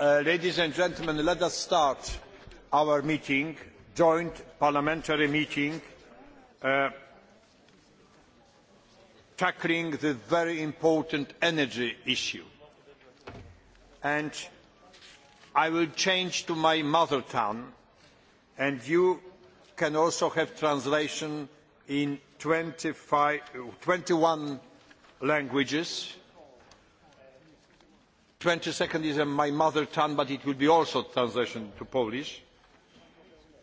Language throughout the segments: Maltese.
Uh, ladies and gentlemen, let us start our meeting, joint parliamentary meeting, uh, tackling the very important energy issue. And I will change to my mother tongue, and you can also have translation in 25, 21 languages twenty seconds is my mother tongue, but it will be also translation to Polish.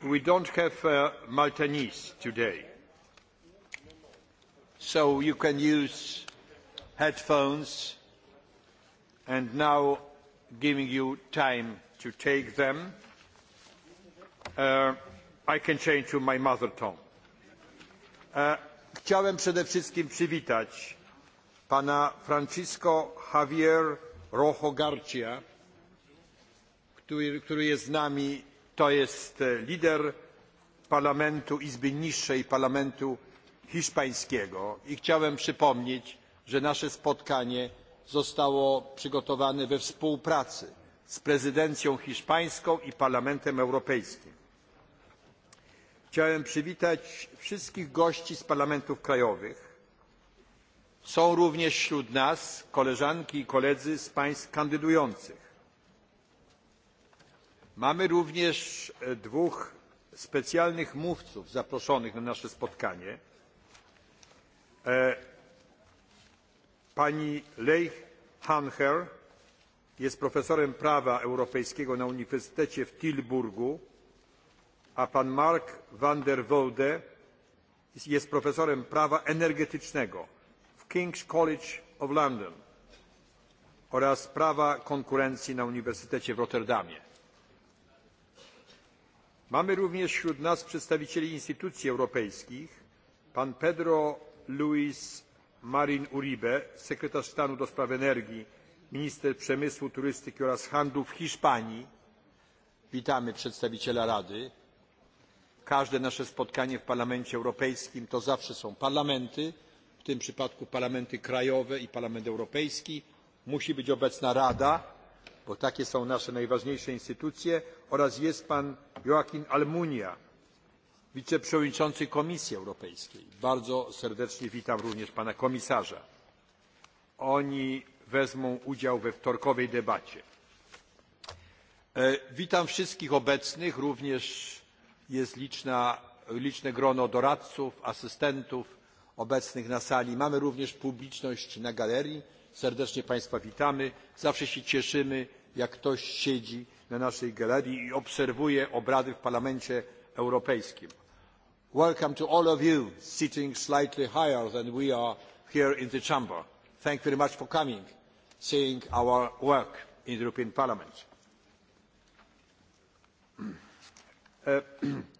We don't have uh, Maltese today, so you can use headphones. And now, giving you time to take them, uh, I can change to my mother tongue. Uh, chciałem przede wszystkim przywitać pana Francisco Javier Rojo Garcia, który, który jest z nami, to jest e, lider Parlamentu Izby Niższej Parlamentu Hiszpańskiego i chciałem przypomnieć, że nasze spotkanie zostało przygotowane we współpracy z prezydencją hiszpańską i Parlamentem Europejskim. Chciałem przywitać wszystkich gości z parlamentów krajowych, Są również wśród nas koleżanki i koledzy z państw kandydujących. Mamy również e, dwóch specjalnych mówców zaproszonych na nasze spotkanie. E, pani Leigh Hanher jest profesorem prawa europejskiego na Uniwersytecie w Tilburgu, a pan Mark van der Wode jest profesorem prawa energetycznego King's College of London oraz prawa konkurencji na Uniwersytecie w Rotterdamie. Mamy również wśród nas przedstawicieli instytucji europejskich pan Pedro Luis Marin Uribe, sekretarz stanu do spraw energii, minister przemysłu, turystyki oraz handlu w Hiszpanii. Witamy przedstawiciela Rady. Każde nasze spotkanie w Parlamencie Europejskim to zawsze są parlamenty, w tym przypadku parlamenty krajowe i Parlament Europejski, musi być obecna Rada, bo takie są nasze najważniejsze instytucje, oraz jest pan Joachim Almunia, wiceprzewodniczący Komisji Europejskiej. Bardzo serdecznie witam również pana komisarza. Oni wezmą udział we wtorkowej debacie. E, witam wszystkich obecnych, również jest liczna, liczne grono doradców, asystentów, obecnych na sali. Mamy również publiczność na galerii. Serdecznie Państwa witamy. Zawsze się cieszymy, jak ktoś siedzi na naszej galerii i obserwuje obrady w Parlamencie Europejskim. Welcome to all of you sitting slightly higher than we are here in the chamber. Thank you very much for coming, seeing our work in the European Parliament. Uh,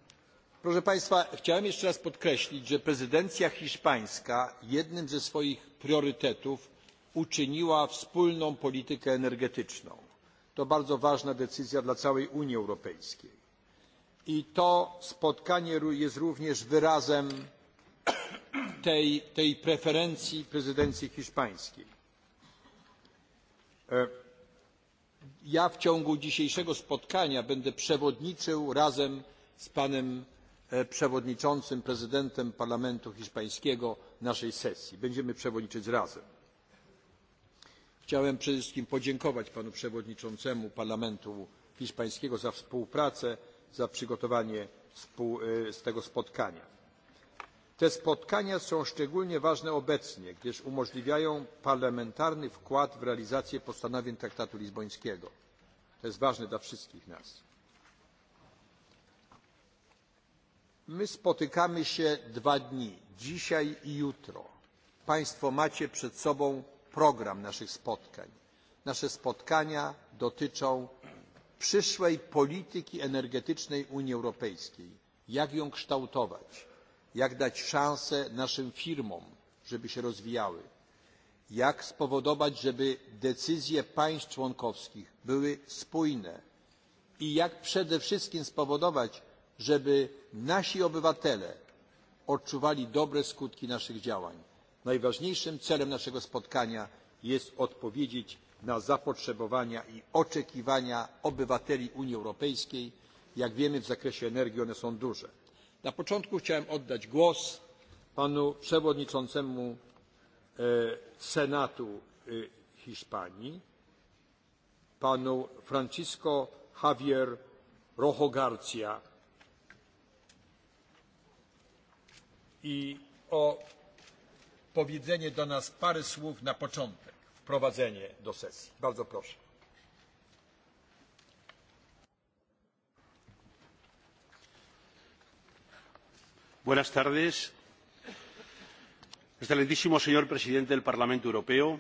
Proszę Państwa, chciałem jeszcze raz podkreślić, że prezydencja hiszpańska jednym ze swoich priorytetów uczyniła wspólną politykę energetyczną. To bardzo ważna decyzja dla całej Unii Europejskiej. I to spotkanie jest również wyrazem tej, tej preferencji prezydencji hiszpańskiej. E, ja w ciągu dzisiejszego spotkania będę przewodniczył razem z panem E, przewodniczącym, prezydentem Parlamentu Hiszpańskiego naszej sesji. Będziemy przewodniczyć razem. Chciałem przede wszystkim podziękować panu przewodniczącemu Parlamentu Hiszpańskiego za współpracę, za przygotowanie e, z tego spotkania. Te spotkania są szczególnie ważne obecnie, gdyż umożliwiają parlamentarny wkład w realizację postanowień traktatu lizbońskiego. To jest ważne dla wszystkich nas. My spotykamy się dwa dni, dzisiaj i jutro. Państwo macie przed sobą program naszych spotkań. Nasze spotkania dotyczą przyszłej polityki energetycznej Unii Europejskiej. Jak ją kształtować? Jak dać szansę naszym firmom, żeby się rozwijały? Jak spowodować, żeby decyzje państw członkowskich były spójne? I jak przede wszystkim spowodować, żeby nasi obywatele odczuwali dobre skutki naszych działań. Najważniejszym celem naszego spotkania jest odpowiedzieć na zapotrzebowania i oczekiwania obywateli Unii Europejskiej. Jak wiemy w zakresie energii one są duże. Na początku chciałem oddać głos panu przewodniczącemu e, Senatu e, Hiszpanii, panu Francisco Javier Rojo Garcia i o powiedzenie do nas parę słów na początek, wprowadzenie do sesji. Bardzo proszę. Buenas tardes. Excelentísimo señor presidente del Parlamento Europeo,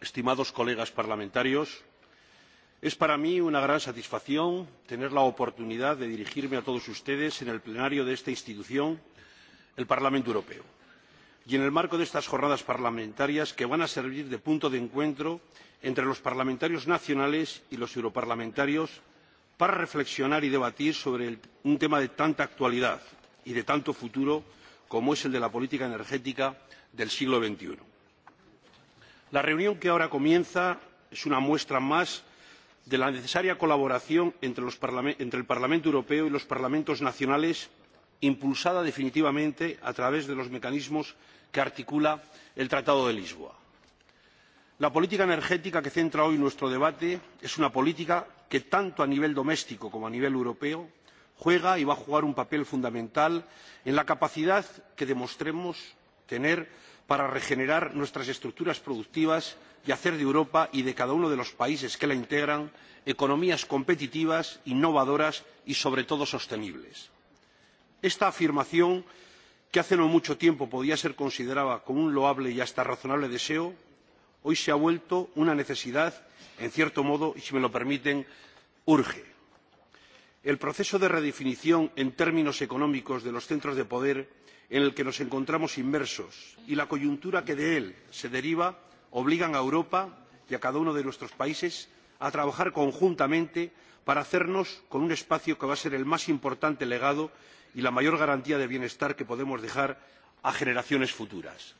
estimados colegas parlamentarios, es para mí una gran satisfacción tener la oportunidad de dirigirme a todos ustedes en el plenario de esta institución el Parlamento Europeo. Y en el marco de estas jornadas parlamentarias que van a servir de punto de encuentro entre los parlamentarios nacionales y los europarlamentarios para reflexionar y debatir sobre el, un tema de tanta actualidad y de tanto futuro como es el de la política energética del siglo XXI. La reunión que ahora comienza es una muestra más de la necesaria colaboración entre, entre el Parlamento Europeo y los parlamentos nacionales impulsada definitivamente a través de los mecanismos que articula el Tratado de Lisboa. La política energética que centra hoy nuestro debate es una política que tanto a nivel doméstico como a nivel europeo juega y va a jugar un papel fundamental en la capacidad que demostremos tener para regenerar nuestras estructuras productivas y hacer de Europa y de cada uno de los países que la integran economías competitivas, innovadoras y, sobre todo, sostenibles esta afirmación que hace no mucho tiempo podía ser considerada como un loable y hasta razonable deseo hoy se ha vuelto una necesidad en cierto modo y si me lo permiten urge. el proceso de redefinición en términos económicos de los centros de poder en el que nos encontramos inmersos y la coyuntura que de él se deriva obligan a europa y a cada uno de nuestros países a trabajar conjuntamente para hacernos con un espacio que va a ser el más importante legado y la mayor garantía de bienestar que podemos dejar a generaciones futuras.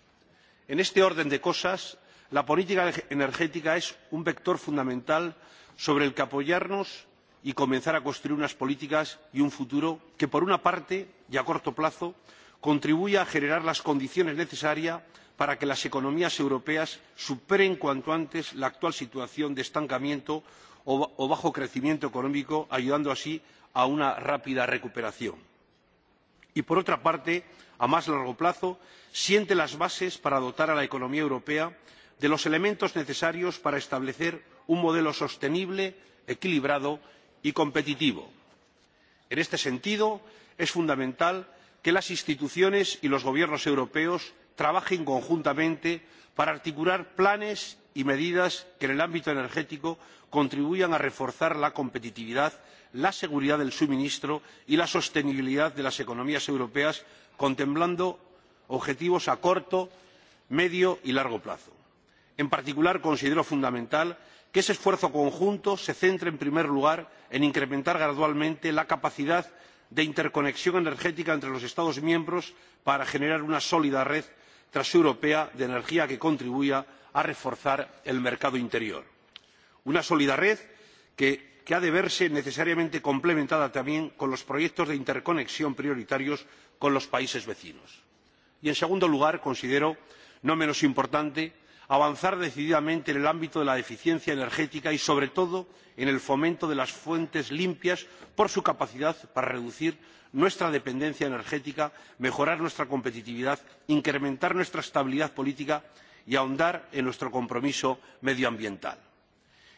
En este orden de cosas, la política energética es un vector fundamental sobre el que apoyarnos y comenzar a construir unas políticas y un futuro que, por una parte y a corto plazo, contribuya a generar las condiciones necesarias para que las economías europeas superen cuanto antes la actual situación de estancamiento o bajo crecimiento económico, ayudando así a una rápida recuperación y por otra parte a más largo plazo siente las bases para dotar a la economía europea de los elementos necesarios para establecer un modelo sostenible equilibrado y competitivo. en este sentido es fundamental que las instituciones y los gobiernos europeos trabajen conjuntamente para articular planes y medidas que en el ámbito energético contribuyan a reforzar la competitividad la seguridad del suministro y la sostenibilidad de las economías europeas, contemplando objetivos a corto, medio y largo plazo. En particular, considero fundamental que ese esfuerzo conjunto se centre, en primer lugar, en incrementar gradualmente la capacidad de interconexión energética entre los Estados miembros para generar una sólida red transeuropea de energía que contribuya a reforzar el mercado interior. Una sólida red que que ha de verse necesariamente complementada también con los proyectos de interconexión prioritarios con los países vecinos. y en segundo lugar considero no menos importante avanzar decididamente en el ámbito de la eficiencia energética y sobre todo en el fomento de las fuentes limpias por su capacidad para reducir nuestra dependencia energética mejorar nuestra competitividad incrementar nuestra estabilidad política y ahondar en nuestro compromiso medioambiental.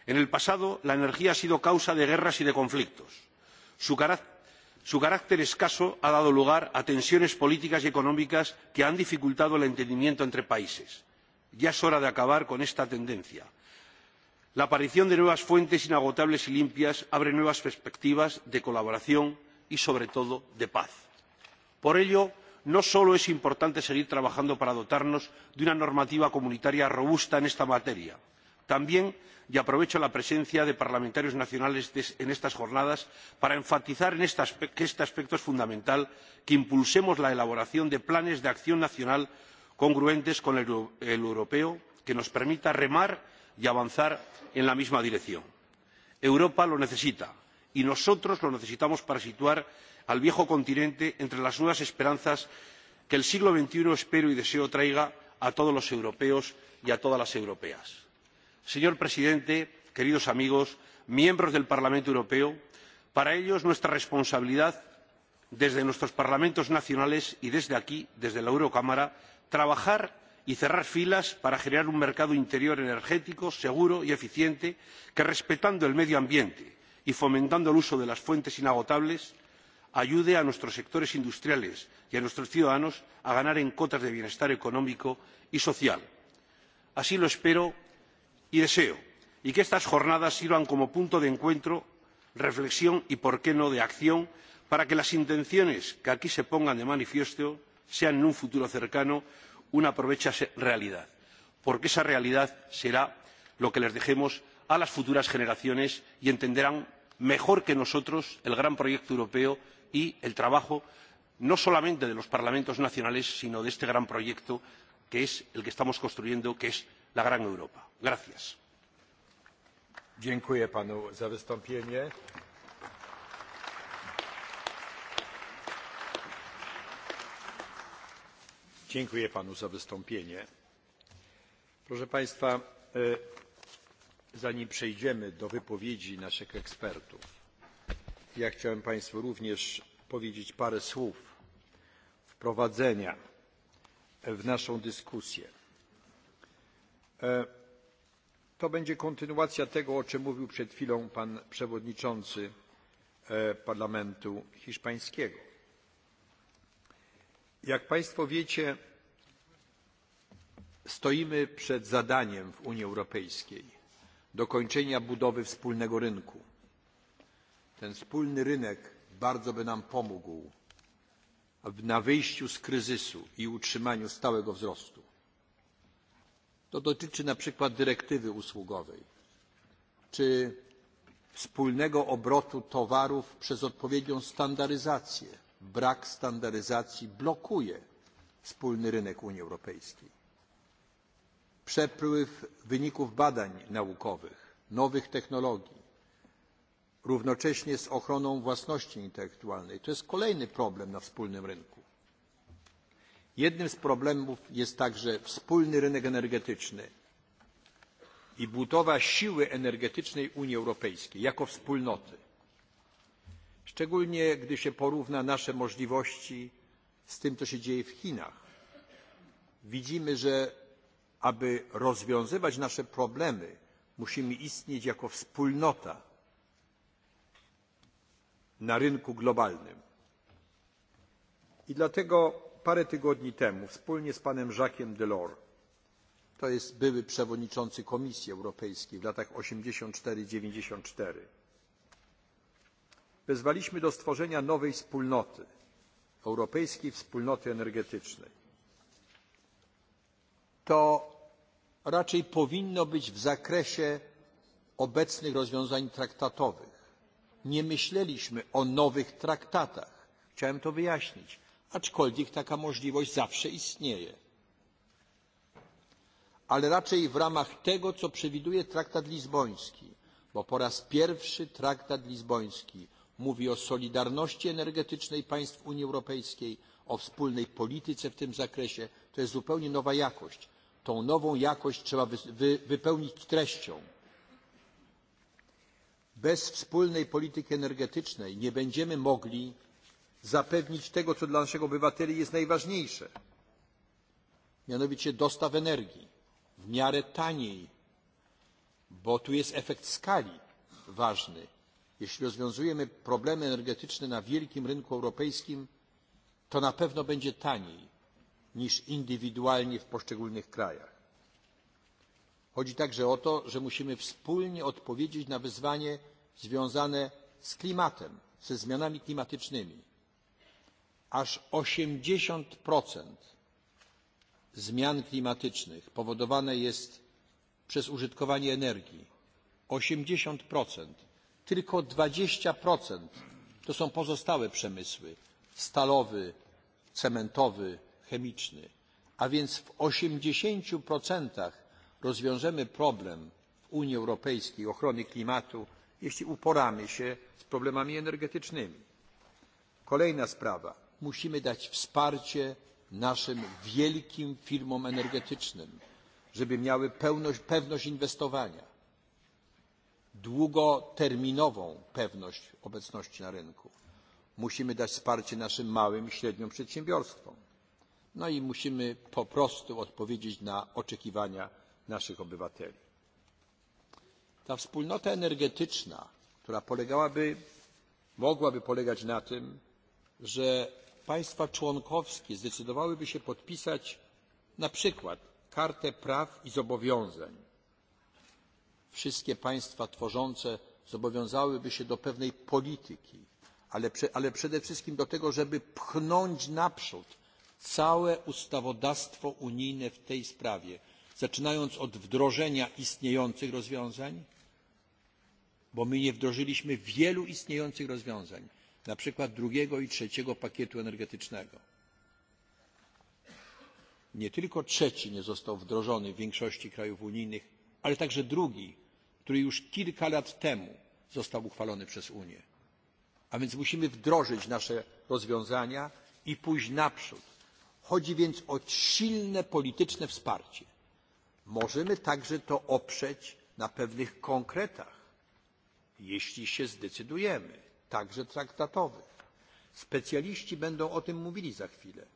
En el pasado, la energía ha sido causa de guerras y de conflictos. Su, su carácter escaso ha dado lugar a tensiones políticas y económicas que han dificultado el entendimiento entre países. Ya es hora de acabar con esta tendencia. La aparición de nuevas fuentes inagotables y limpias abre nuevas perspectivas de colaboración y, sobre todo, de paz. Por ello, no solo es importante seguir trabajando para dotarnos de una normativa comunitaria robusta en esta materia, También, y aprovecho la presencia de parlamentarios nacionales en estas jornadas para enfatizar que este aspecto es fundamental, que impulsemos la elaboración de planes de acción nacional congruentes con el, el europeo que nos permita remar y avanzar en la misma dirección. Europa lo necesita y nosotros lo necesitamos para situar al viejo continente entre las nuevas esperanzas que el siglo XXI espero y deseo traiga a todos los europeos y a todas las europeas señor presidente queridos amigos miembros del parlamento europeo para ello es nuestra responsabilidad desde nuestros parlamentos nacionales y desde aquí desde la eurocámara trabajar y cerrar filas para generar un mercado interior energético seguro y eficiente que respetando el medio ambiente y fomentando el uso de las fuentes inagotables ayude a nuestros sectores industriales y a nuestros ciudadanos a ganar en cotas de bienestar económico y social. así lo espero y deseo y que estas jornadas sirvan como punto de encuentro reflexión y por qué no de acción para que las intenciones que aquí se pongan de manifiesto sean en un futuro cercano una provecha realidad porque esa realidad será lo que les dejemos a las futuras generaciones y entenderán mejor que nosotros el gran proyecto europeo y el trabajo no solamente de los parlamentos nacionales sino de este gran proyecto que es el que estamos construyendo que es la gran Europa. Gracias. Dziękuję panu za wystąpienie. Dziękuję panu za wystąpienie. Proszę państwa, e, zanim przejdziemy do wypowiedzi naszych ekspertów, ja chciałem państwu również powiedzieć parę słów wprowadzenia w naszą dyskusję. E, to będzie kontynuacja tego, o czym mówił przed chwilą pan przewodniczący e, Parlamentu Hiszpańskiego. Jak Państwo wiecie, stoimy przed zadaniem w Unii Europejskiej dokończenia budowy wspólnego rynku. Ten wspólny rynek bardzo by nam pomógł na wyjściu z kryzysu i utrzymaniu stałego wzrostu. To dotyczy na przykład dyrektywy usługowej czy wspólnego obrotu towarów przez odpowiednią standaryzację. Brak standaryzacji blokuje wspólny rynek Unii Europejskiej. Przepływ wyników badań naukowych, nowych technologii, równocześnie z ochroną własności intelektualnej. To jest kolejny problem na wspólnym rynku. Jednym z problemów jest także wspólny rynek energetyczny i budowa siły energetycznej Unii Europejskiej jako wspólnoty. Szczególnie gdy się porówna nasze możliwości z tym, co się dzieje w Chinach. Widzimy, że aby rozwiązywać nasze problemy, musimy istnieć jako wspólnota na rynku globalnym. I dlatego parę tygodni temu wspólnie z panem Jacquesem Delors, to jest były przewodniczący Komisji Europejskiej w latach 84-94, wezwaliśmy do stworzenia nowej wspólnoty, Europejskiej Wspólnoty Energetycznej. To raczej powinno być w zakresie obecnych rozwiązań traktatowych. Nie myśleliśmy o nowych traktatach. Chciałem to wyjaśnić aczkolwiek taka możliwość zawsze istnieje. Ale raczej w ramach tego, co przewiduje traktat lizboński, bo po raz pierwszy traktat lizboński mówi o solidarności energetycznej państw Unii Europejskiej, o wspólnej polityce w tym zakresie. To jest zupełnie nowa jakość. Tą nową jakość trzeba wy, wy, wypełnić treścią. Bez wspólnej polityki energetycznej nie będziemy mogli zapewnić tego, co dla naszych obywateli jest najważniejsze, mianowicie dostaw energii w miarę taniej, bo tu jest efekt skali ważny. Jeśli rozwiązujemy problemy energetyczne na wielkim rynku europejskim, to na pewno będzie taniej niż indywidualnie w poszczególnych krajach. Chodzi także o to, że musimy wspólnie odpowiedzieć na wyzwanie związane z klimatem, ze zmianami klimatycznymi aż 80% zmian klimatycznych powodowane jest przez użytkowanie energii. 80%. Tylko 20% to są pozostałe przemysły stalowy, cementowy, chemiczny. A więc w 80% rozwiążemy problem w Unii Europejskiej ochrony klimatu, jeśli uporamy się z problemami energetycznymi. Kolejna sprawa musimy dać wsparcie naszym wielkim firmom energetycznym, żeby miały pełność, pewność inwestowania, długoterminową pewność obecności na rynku. Musimy dać wsparcie naszym małym i średnim przedsiębiorstwom. No i musimy po prostu odpowiedzieć na oczekiwania naszych obywateli. Ta wspólnota energetyczna, która polegałaby, mogłaby polegać na tym, że państwa członkowskie zdecydowałyby się podpisać na przykład kartę praw i zobowiązań wszystkie państwa tworzące zobowiązałyby się do pewnej polityki ale, ale przede wszystkim do tego żeby pchnąć naprzód całe ustawodawstwo unijne w tej sprawie zaczynając od wdrożenia istniejących rozwiązań bo my nie wdrożyliśmy wielu istniejących rozwiązań na przykład drugiego i trzeciego pakietu energetycznego. Nie tylko trzeci nie został wdrożony w większości krajów unijnych, ale także drugi, który już kilka lat temu został uchwalony przez Unię. A więc musimy wdrożyć nasze rozwiązania i pójść naprzód. Chodzi więc o silne polityczne wsparcie. Możemy także to oprzeć na pewnych konkretach, jeśli się zdecydujemy także traktatowych. Specjaliści będą o tym mówili za chwilę.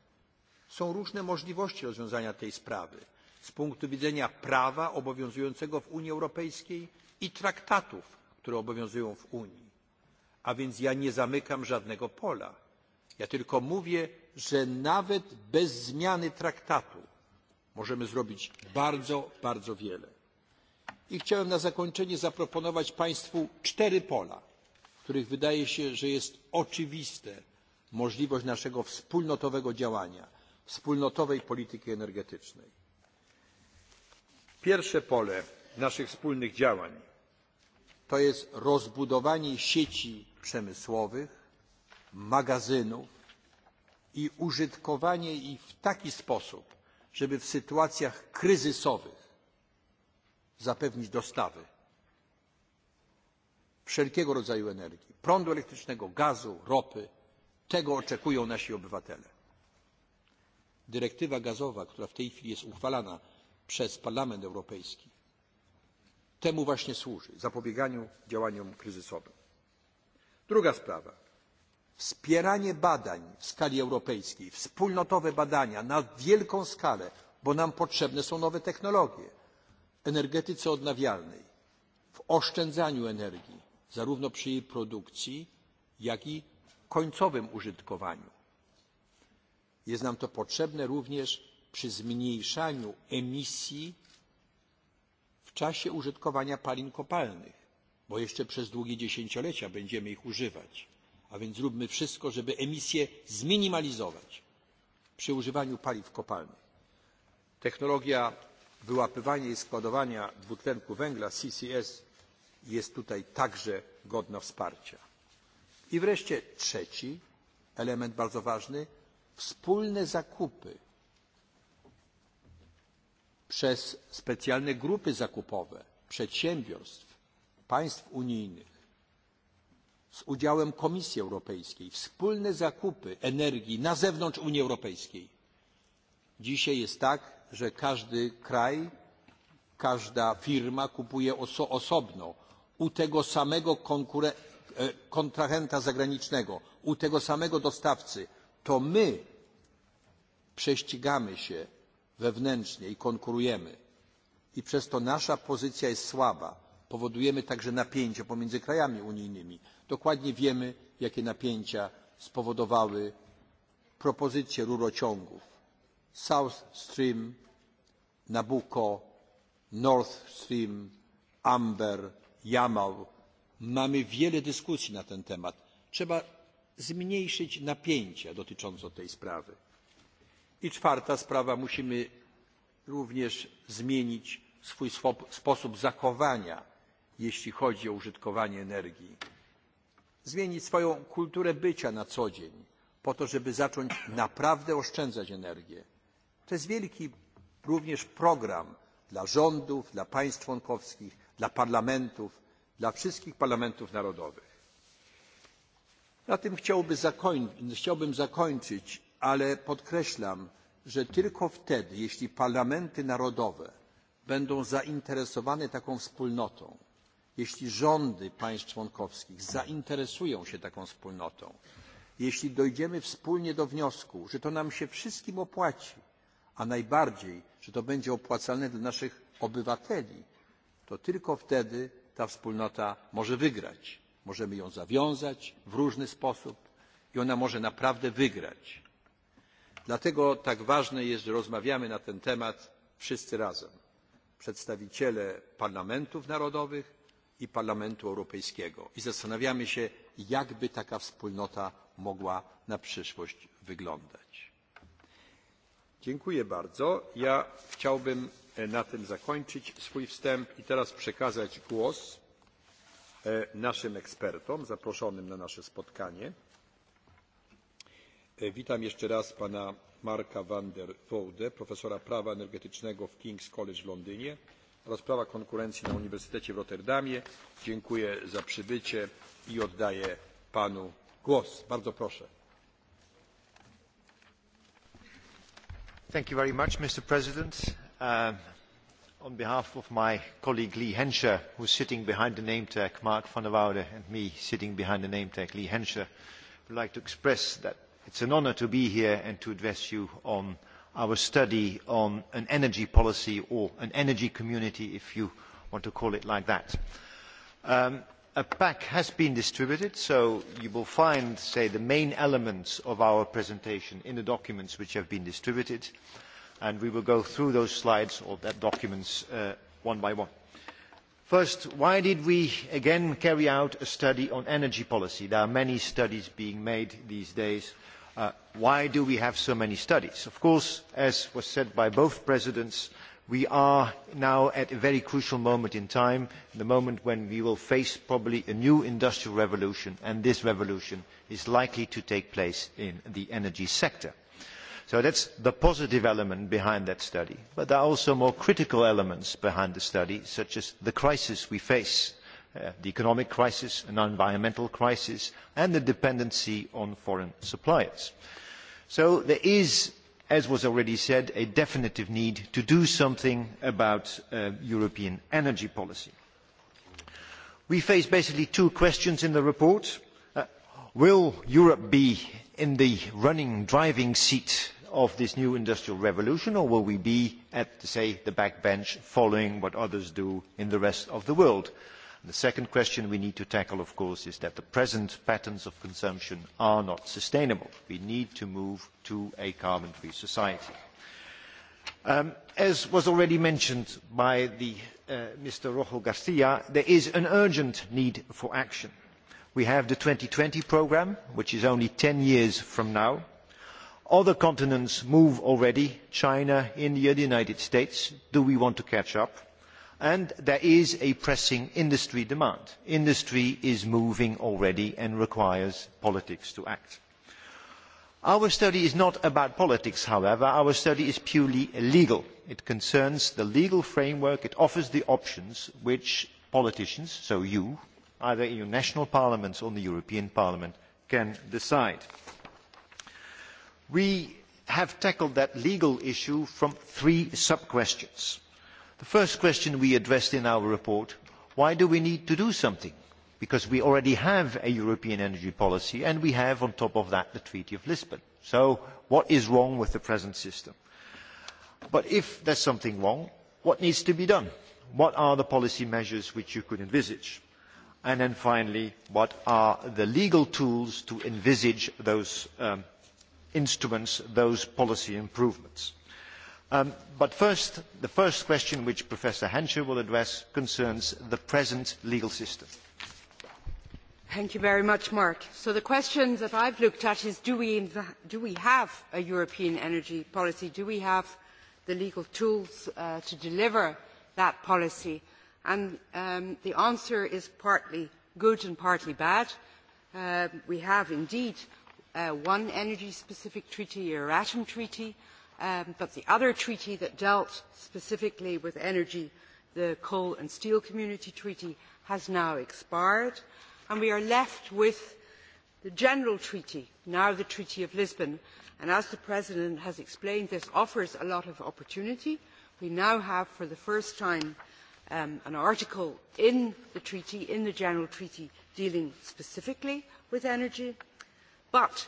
Są różne możliwości rozwiązania tej sprawy z punktu widzenia prawa obowiązującego w Unii Europejskiej i traktatów, które obowiązują w Unii. A więc ja nie zamykam żadnego pola. Ja tylko mówię, że nawet bez zmiany traktatu możemy zrobić bardzo, bardzo wiele. I chciałem na zakończenie zaproponować Państwu cztery pola których wydaje się, że jest oczywiste możliwość naszego wspólnotowego działania, wspólnotowej polityki energetycznej. Pierwsze pole naszych wspólnych działań to jest rozbudowanie sieci przemysłowych, magazynów i użytkowanie ich w taki sposób, żeby w sytuacjach kryzysowych zapewnić dostawy wszelkiego rodzaju energii, prądu elektrycznego, gazu, ropy. Tego oczekują nasi obywatele. Dyrektywa gazowa, która w tej chwili jest uchwalana przez Parlament Europejski, temu właśnie służy, zapobieganiu działaniom kryzysowym. Druga sprawa. Wspieranie badań w skali europejskiej, wspólnotowe badania na wielką skalę, bo nam potrzebne są nowe technologie w energetyce odnawialnej, w oszczędzaniu energii, zarówno przy jej produkcji, jak i końcowym użytkowaniu. Jest nam to potrzebne również przy zmniejszaniu emisji w czasie użytkowania palin kopalnych, bo jeszcze przez długie dziesięciolecia będziemy ich używać. A więc zróbmy wszystko, żeby emisje zminimalizować przy używaniu paliw kopalnych. Technologia wyłapywania i składowania dwutlenku węgla CCS jest tutaj także godna wsparcia. I wreszcie trzeci element bardzo ważny, wspólne zakupy przez specjalne grupy zakupowe przedsiębiorstw państw unijnych z udziałem Komisji Europejskiej, wspólne zakupy energii na zewnątrz Unii Europejskiej. Dzisiaj jest tak, że każdy kraj, każda firma kupuje oso osobno u tego samego e, kontrahenta zagranicznego, u tego samego dostawcy, to my prześcigamy się wewnętrznie i konkurujemy. I przez to nasza pozycja jest słaba. Powodujemy także napięcia pomiędzy krajami unijnymi. Dokładnie wiemy, jakie napięcia spowodowały propozycje rurociągów. South Stream, Nabucco, North Stream, Amber, Jamał. Mamy wiele dyskusji na ten temat. Trzeba zmniejszyć napięcia dotyczące tej sprawy. I czwarta sprawa, musimy również zmienić swój sposób zachowania, jeśli chodzi o użytkowanie energii. Zmienić swoją kulturę bycia na co dzień, po to, żeby zacząć naprawdę oszczędzać energię. To jest wielki również program dla rządów, dla państw członkowskich, dla parlamentów, dla wszystkich parlamentów narodowych. Na tym chciałby zakoń, chciałbym zakończyć, ale podkreślam, że tylko wtedy, jeśli parlamenty narodowe będą zainteresowane taką wspólnotą, jeśli rządy państw członkowskich zainteresują się taką wspólnotą, jeśli dojdziemy wspólnie do wniosku, że to nam się wszystkim opłaci, a najbardziej, że to będzie opłacalne dla naszych obywateli, to tylko wtedy ta wspólnota może wygrać. Możemy ją zawiązać w różny sposób i ona może naprawdę wygrać. Dlatego tak ważne jest, że rozmawiamy na ten temat wszyscy razem. Przedstawiciele parlamentów narodowych i Parlamentu Europejskiego i zastanawiamy się, jakby taka wspólnota mogła na przyszłość wyglądać. Dziękuję bardzo. Ja chciałbym E, na tym zakończyć swój wstęp i teraz przekazać głos e, naszym ekspertom zaproszonym na nasze spotkanie. E, witam jeszcze raz pana Marka van der Woude, profesora prawa energetycznego w King's College w Londynie oraz prawa konkurencji na Uniwersytecie w Rotterdamie. Dziękuję za przybycie i oddaję panu głos. Bardzo proszę. Thank you very much, Mr. President. Uh, on behalf of my colleague Lee who who's sitting behind the name tag, Mark van der Woude and me sitting behind the name tag, Lee I would like to express that it's an honor to be here and to address you on our study on an energy policy or an energy community, if you want to call it like that. Um, a pack has been distributed, so you will find, say, the main elements of our presentation in the documents which have been distributed. Uh, and we will go through those slides or that documents uh, one by one. First, why did we again carry out a study on energy policy? There are many studies being made these days. Uh, why do we have so many studies? Of course, as was said by both presidents, we are now at a very crucial moment in time, the moment when we will face probably a new industrial revolution, and this revolution is likely to take place in the energy sector. So that is the positive element behind that study. But there are also more critical elements behind the study, such as the crisis we face, uh, the economic crisis, an environmental crisis, and the dependency on foreign suppliers. So there is, as was already said, a definitive need to do something about uh, European energy policy. We face basically two questions in the report. Uh, will Europe be in the running driving seat of this new industrial revolution, or will we be at, say, the backbench following what others do in the rest of the world? And the second question we need to tackle, of course, is that the present patterns of consumption are not sustainable. We need to move to a carbon-free society. Um, as was already mentioned by the, uh, Mr. Rojo Garcia, there is an urgent need for action. We have the twenty programme, which is only ten years from now Other continents move already, China, India, the United States. Do we want to catch up? And there is a pressing industry demand. Industry is moving already and requires politics to act. Our study is not about politics, however. Our study is purely legal. It concerns the legal framework. It offers the options which politicians, so you, either in your national parliaments or in the European Parliament, can decide we have tackled that legal issue from three sub-questions. The first question we addressed in our report, why do we need to do something? Because we already have a European energy policy and we have on top of that the Treaty of Lisbon. So what is wrong with the present system? But if there is something wrong, what needs to be done? What are the policy measures which you could envisage? And then finally, what are the legal tools to envisage those um, instruments those policy improvements. Um, but first, the first question which Professor Hancher will address concerns the present legal system. Thank you very much, Mark. So the question that I've looked at is do we, do we have a European energy policy? Do we have the legal tools uh, to deliver that policy? And um, the answer is partly good and partly bad. Uh, we have indeed uh, one energy-specific treaty, the Euratom Treaty, um, but the other treaty that dealt specifically with energy, the Coal and Steel Community Treaty, has now expired, and we are left with the General Treaty, now the Treaty of Lisbon, and as the President has explained, this offers a lot of opportunity. We now have, for the first time, um, an article in the treaty, in the General Treaty, dealing specifically with energy But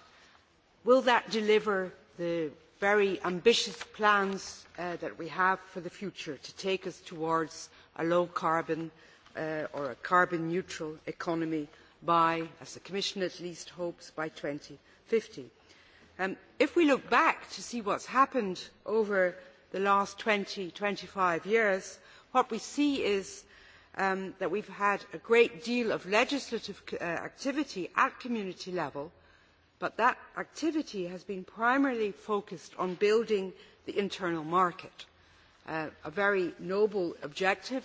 will that deliver the very ambitious plans uh, that we have for the future to take us towards a low carbon uh, or a carbon neutral economy by, as the Commission at least hopes, by 2050? Um, if we look back to see what has happened over the last twenty twenty five years, what we see is um, that we have had a great deal of legislative uh, activity at community level – but that activity has been primarily focused on building the internal market, uh, a very noble objective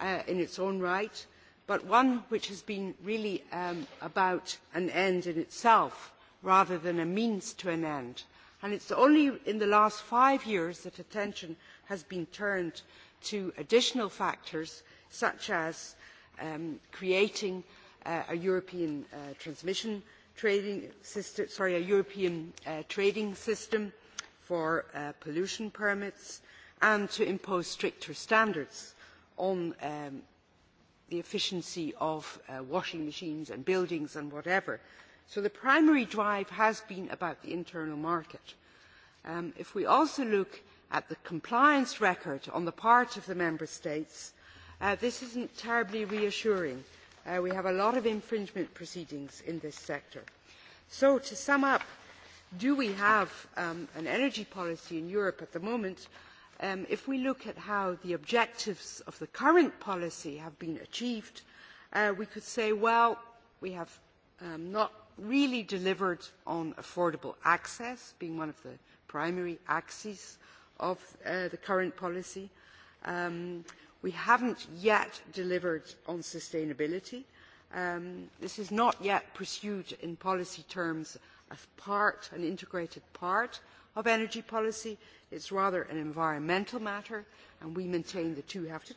uh, in its own right, but one which has been really um, about an end in itself rather than a means to an end. And it's only in the last five years that attention has been turned to additional factors such as um, creating uh, a European uh, transmission trading system, sorry, a European uh, trading system for uh, pollution permits and to impose stricter standards on um, the efficiency of uh, washing machines and buildings and whatever. So the primary drive has been about the internal market. Um, if we also look at the compliance record on the part of the Member States, uh, this isn't terribly reassuring. Uh, we have a lot of infringement proceedings in this sector. So to sum up, do we have um, an energy policy in Europe at the moment? Um, if we look at how the objectives of the current policy have been achieved, uh, we could say, well, we have um, not really delivered on affordable access, being one of the primary axes of uh, the current policy. Um, We haven't yet delivered on sustainability. Um, this is not yet pursued in policy terms as part, an integrated part of energy policy. It's rather an environmental matter, and we maintain the two have to.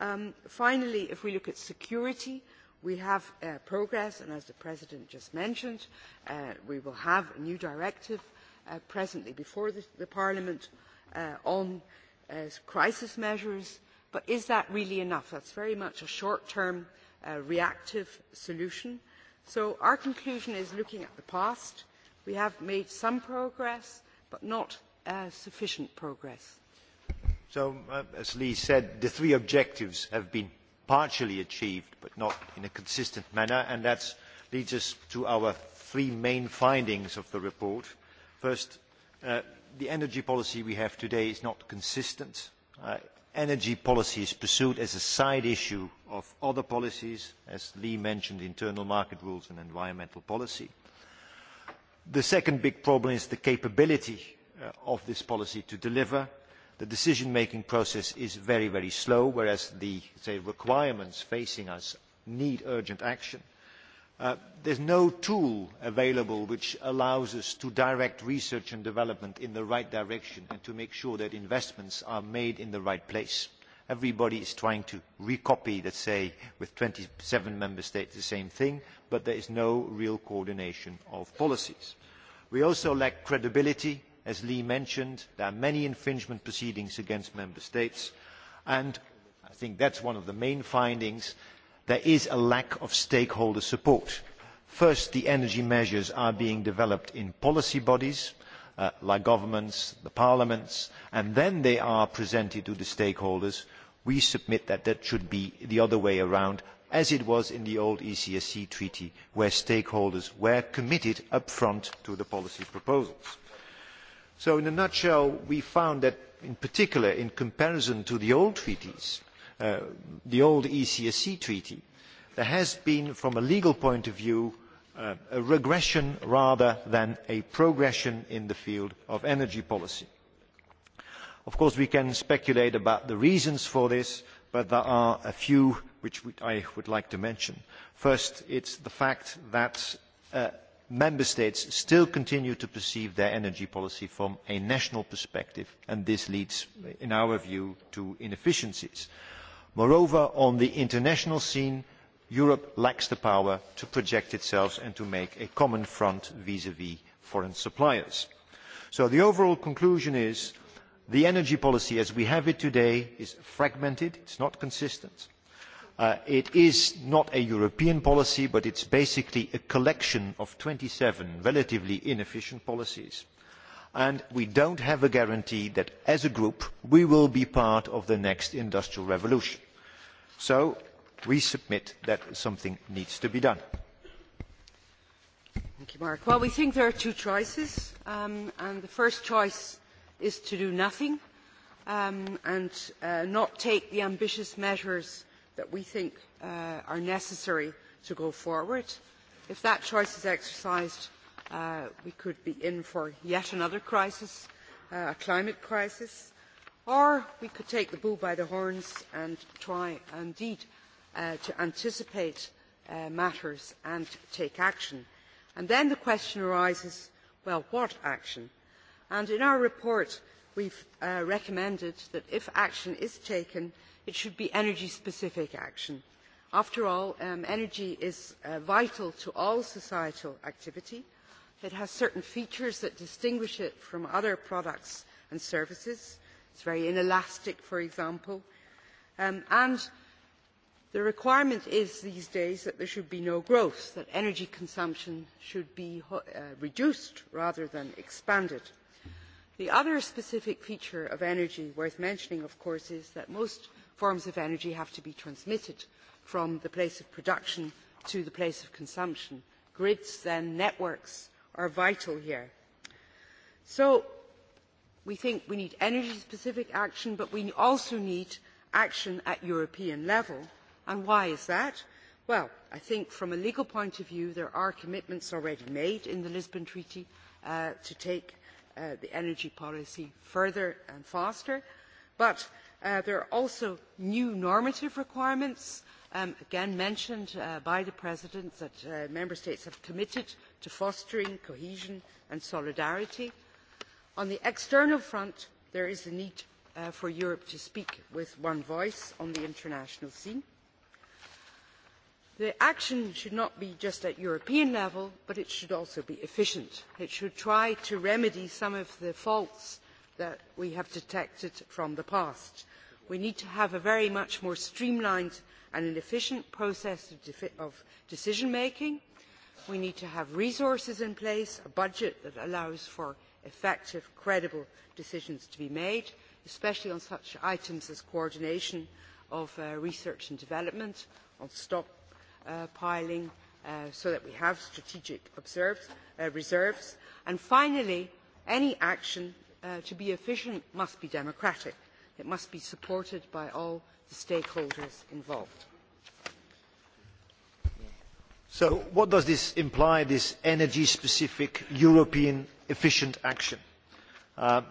Um, finally, if we look at security, we have uh, progress, and as the President just mentioned, uh, we will have a new directive uh, presently before the, the Parliament uh, on uh, crisis measures But is that really enough? That's very much a short-term uh, reactive solution. So our conclusion is looking at the past, we have made some progress, but not uh, sufficient progress. So, uh, as Lee said, the three objectives have been partially achieved, but not in a consistent manner, and that leads us to our three main findings of the report. First, uh, the energy policy we have today is not consistent. Uh, energy policy is pursued as a side issue of other policies, as Lee mentioned, internal market rules and environmental policy. The second big problem is the capability uh, of this policy to deliver. The decision-making process is very, very slow, whereas the say, requirements facing us need urgent action. Uh, there's there is no tool available which allows us to direct research and development in the right direction and to make sure that investments are made in the right place. Everybody is trying to recopy, let's say, with twenty seven member states the same thing, but there is no real coordination of policies. We also lack credibility. As Lee mentioned, there are many infringement proceedings against member states, and I think that is one of the main findings, there is a lack of stakeholder support. First, the energy measures are being developed in policy bodies, uh, like governments, the parliaments, and then they are presented to the stakeholders. We submit that that should be the other way around, as it was in the old ECSC treaty, where stakeholders were committed up front to the policy proposals. So in a nutshell, we found that in particular, in comparison to the old treaties, Uh, the old ECSC treaty, there has been, from a legal point of view, uh, a regression rather than a progression in the field of energy policy. Of course, we can speculate about the reasons for this, but there are a few which I would like to mention. First, it is the fact that uh, member states still continue to perceive their energy policy from a national perspective, and this leads, in our view, to inefficiencies. Uh, Moreover, on the international scene, Europe lacks the power to project itself and to make a common front vis vis foreign suppliers. So the overall conclusion is that the energy policy as we have it today is fragmented, it is not consistent. Uh, it is not a European policy, but it is basically a collection of twenty seven relatively inefficient policies. And we do not have a guarantee that as a group we will be part of the next industrial revolution. So we submit that something needs to be done. Thank you, Mark. Well, we think there are two choices, um, and the first choice is to do nothing um, and uh, not take the ambitious measures that we think uh, are necessary to go forward. If that choice is exercised, uh, we could be in for yet another crisis, uh, a climate crisis. Or we could take the bull by the horns and try indeed uh, to anticipate uh, matters and take action. And then the question arises, well, what action? And in our report, we've uh, recommended that if action is taken, it should be energy-specific action. After all, um, energy is uh, vital to all societal activity. It has certain features that distinguish it from other products and services. It's very inelastic, for example. Um, and the requirement is these days that there should be no growth, that energy consumption should be uh, reduced rather than expanded. The other specific feature of energy worth mentioning, of course, is that most forms of energy have to be transmitted from the place of production to the place of consumption. Grids, then networks, are vital here. So we think we need energy specific action but we also need action at European level. And why is that? Well, I think from a legal point of view there are commitments already made in the Lisbon Treaty uh, to take uh, the energy policy further and faster. But uh, there are also new normative requirements, um, again mentioned uh, by the President, that uh, Member States have committed to fostering cohesion and solidarity. On the external front, there is a need uh, for Europe to speak with one voice on the international scene. The action should not be just at European level, but it should also be efficient. It should try to remedy some of the faults that we have detected from the past. We need to have a very much more streamlined and an efficient process of, of decision making. We need to have resources in place, a budget that allows for effective, credible decisions to be made, especially on such items as coordination of uh, research and development, on stop uh, uh, so that we have strategic observes, uh, reserves. And finally, any action uh, to be efficient must be democratic. It must be supported by all the stakeholders involved. So what does this imply, this energy-specific European efficient action? Uh,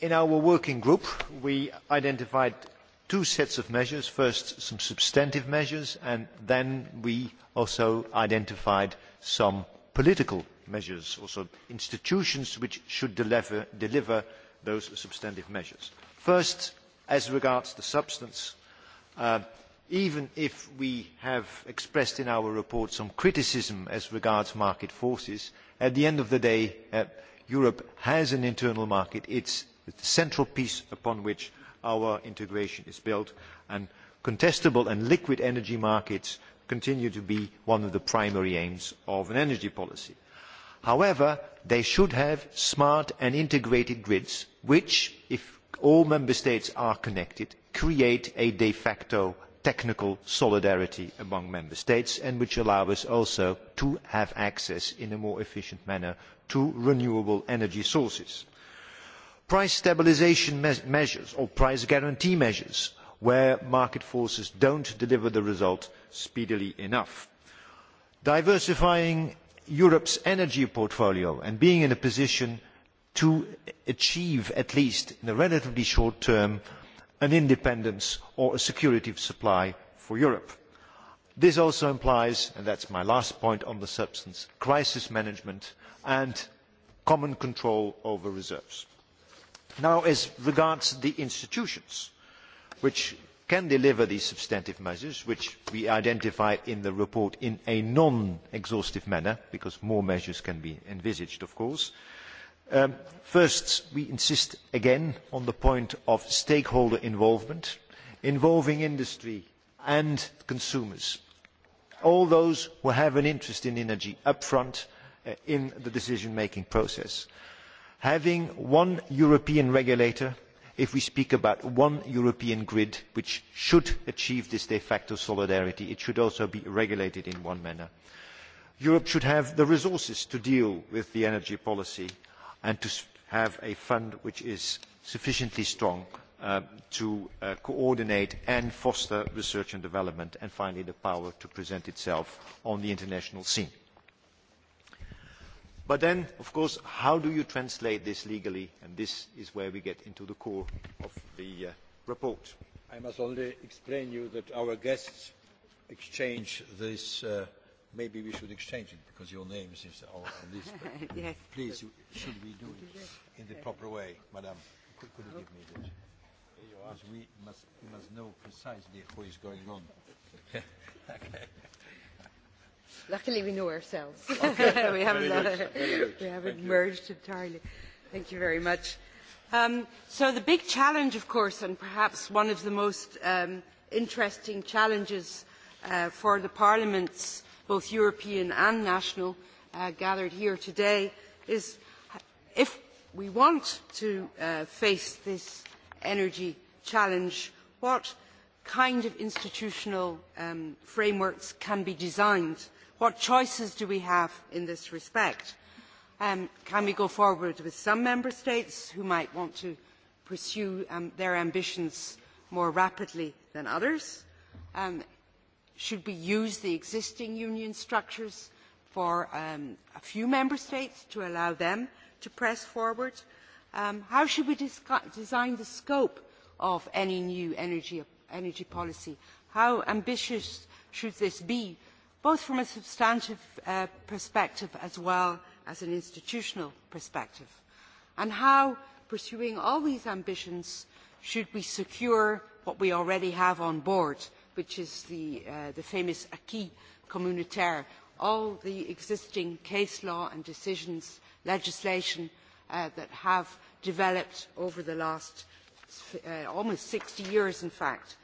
in our working group, we identified two sets of measures, first some substantive measures, and then we also identified some political measures, also institutions which should deliver, deliver those substantive measures. First, as regards the substance, uh, even if we have expressed in our report some criticism as regards market forces, at the end of the day, uh, Europe has an internal market. It is the central piece upon which our integration is built, and contestable and liquid energy markets continue to be one of the primary aims of an energy policy. However, they should have smart and integrated grids, which, if all member states are connected, create a de facto technical solidarity among member states and which allow us also to have access in a more efficient manner to renewable energy sources. Price stabilisation me measures or price guarantee measures where market forces do not deliver the result speedily enough. Diversifying Europe's energy portfolio and being in a position to achieve at least in the relatively short term an independence or a security of supply for Europe. This also implies, and that is my last point on the substance, crisis management and common control over reserves. Now, as regards the institutions, which can deliver these substantive measures, which we identified in the report in a non-exhaustive manner, because more measures can be envisaged, of course, Um, first, we insist again on the point of stakeholder involvement, involving industry and consumers, all those who have an interest in energy upfront front uh, in the decision-making process. Having one European regulator, if we speak about one European grid, which should achieve this de facto solidarity, it should also be regulated in one manner. Europe should have the resources to deal with the energy policy and to have a fund which is sufficiently strong uh, to uh, coordinate and foster research and development and finally the power to present itself on the international scene. But then, of course, how do you translate this legally? And this is where we get into the core of the uh, report. I must only explain to you that our guests exchange this uh, Maybe we should exchange it because your name is on, this. yes. Please, you, should we do it in the proper way, Madam? Could, could you give me this? Because we must, we must know precisely who is going on. okay. Luckily, we know ourselves. Okay. we haven't, uh, we haven't merged you. entirely. Thank you very much. Um, so the big challenge, of course, and perhaps one of the most um, interesting challenges uh, for the Parliament's both European and national, uh, gathered here today is if we want to uh, face this energy challenge, what kind of institutional um, frameworks can be designed? What choices do we have in this respect? Um, can we go forward with some member states who might want to pursue um, their ambitions more rapidly than others? Um, Should we use the existing union structures for um, a few member states to allow them to press forward? Um, how should we design the scope of any new energy, energy policy? How ambitious should this be, both from a substantive uh, perspective as well as an institutional perspective? And how, pursuing all these ambitions, should we secure what we already have on board – which is the, uh, the famous acquis communautaire, all the existing case law and decisions, legislation uh, that have developed over the last uh, almost 60 years, in fact.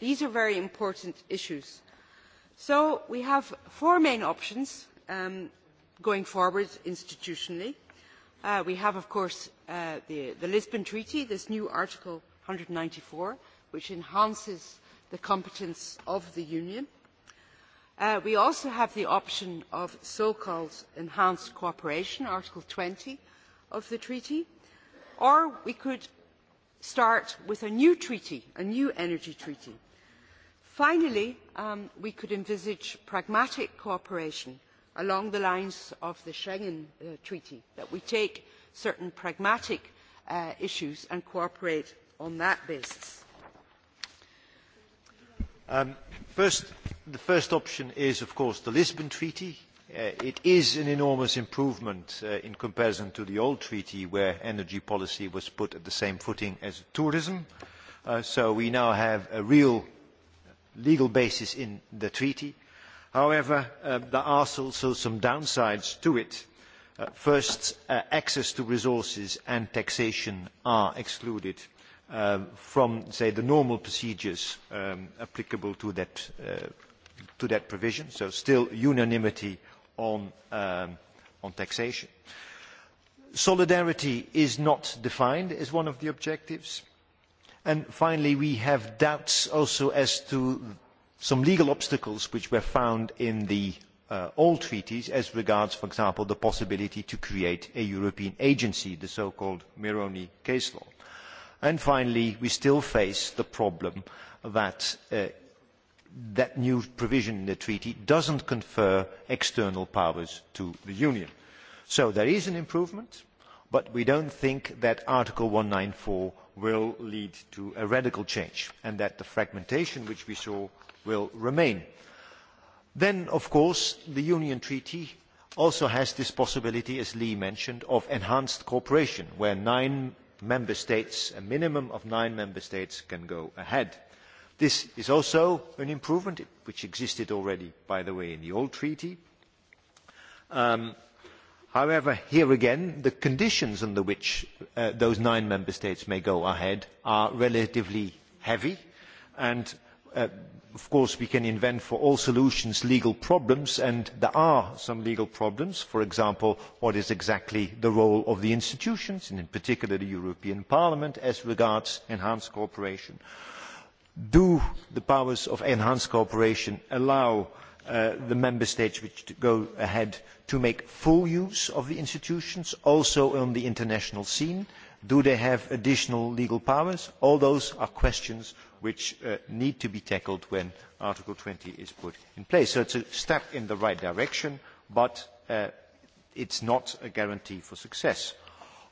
These are very important issues. So we have four main options um, going forward institutionally. Uh, we have, of course, uh, the, the Lisbon Treaty, this new Article 194, which enhances the competence of the Union. Uh, we also have the option of so-called enhanced cooperation, Article twenty of the treaty, or we could start with a new treaty, a new energy treaty. Finally, um, we could envisage pragmatic cooperation along the lines of the Schengen uh, Treaty, that we take certain pragmatic uh, issues and cooperate on that basis. Um, the first option is, of course, the Lisbon Treaty. Uh, it is an enormous improvement uh, in comparison to the old treaty where energy policy was put at the same footing as tourism. Uh, so we now have a real legal basis in the treaty. However, uh, there are also some downsides to it. Uh, first, uh, access to resources and taxation are excluded uh, from, say, the normal procedures um, applicable to that, uh, to that provision, so still unanimity on, um, on taxation. Solidarity is not defined as one of the objectives. And finally, we have doubts also as to some legal obstacles which were found in the uh, old treaties as regards, for example, the possibility to create a European agency, the so-called Mironi case law. And finally, we still face the problem that uh, that new provision in the treaty does not confer external powers to the Union. So there is an improvement, but we do not think that Article one hundred and ninety four will lead to a radical change and that the fragmentation which we saw will remain. Then, of course, the Union Treaty also has this possibility, as Lee mentioned, of enhanced cooperation, where nine member states, a minimum of nine member states can go ahead. This is also an improvement which existed already, by the way, in the old treaty. Um, however, here again, the conditions under which uh, those nine member states may go ahead are relatively heavy and uh, of course we can invent for all solutions legal problems and there are some legal problems for example what is exactly the role of the institutions and in particular the european parliament as regards enhanced cooperation do the powers of enhanced cooperation allow uh, the member states which to go ahead to make full use of the institutions also on the international scene do they have additional legal powers all those are questions which uh, need to be tackled when Article 20 is put in place. So it's a step in the right direction, but uh, it's not a guarantee for success.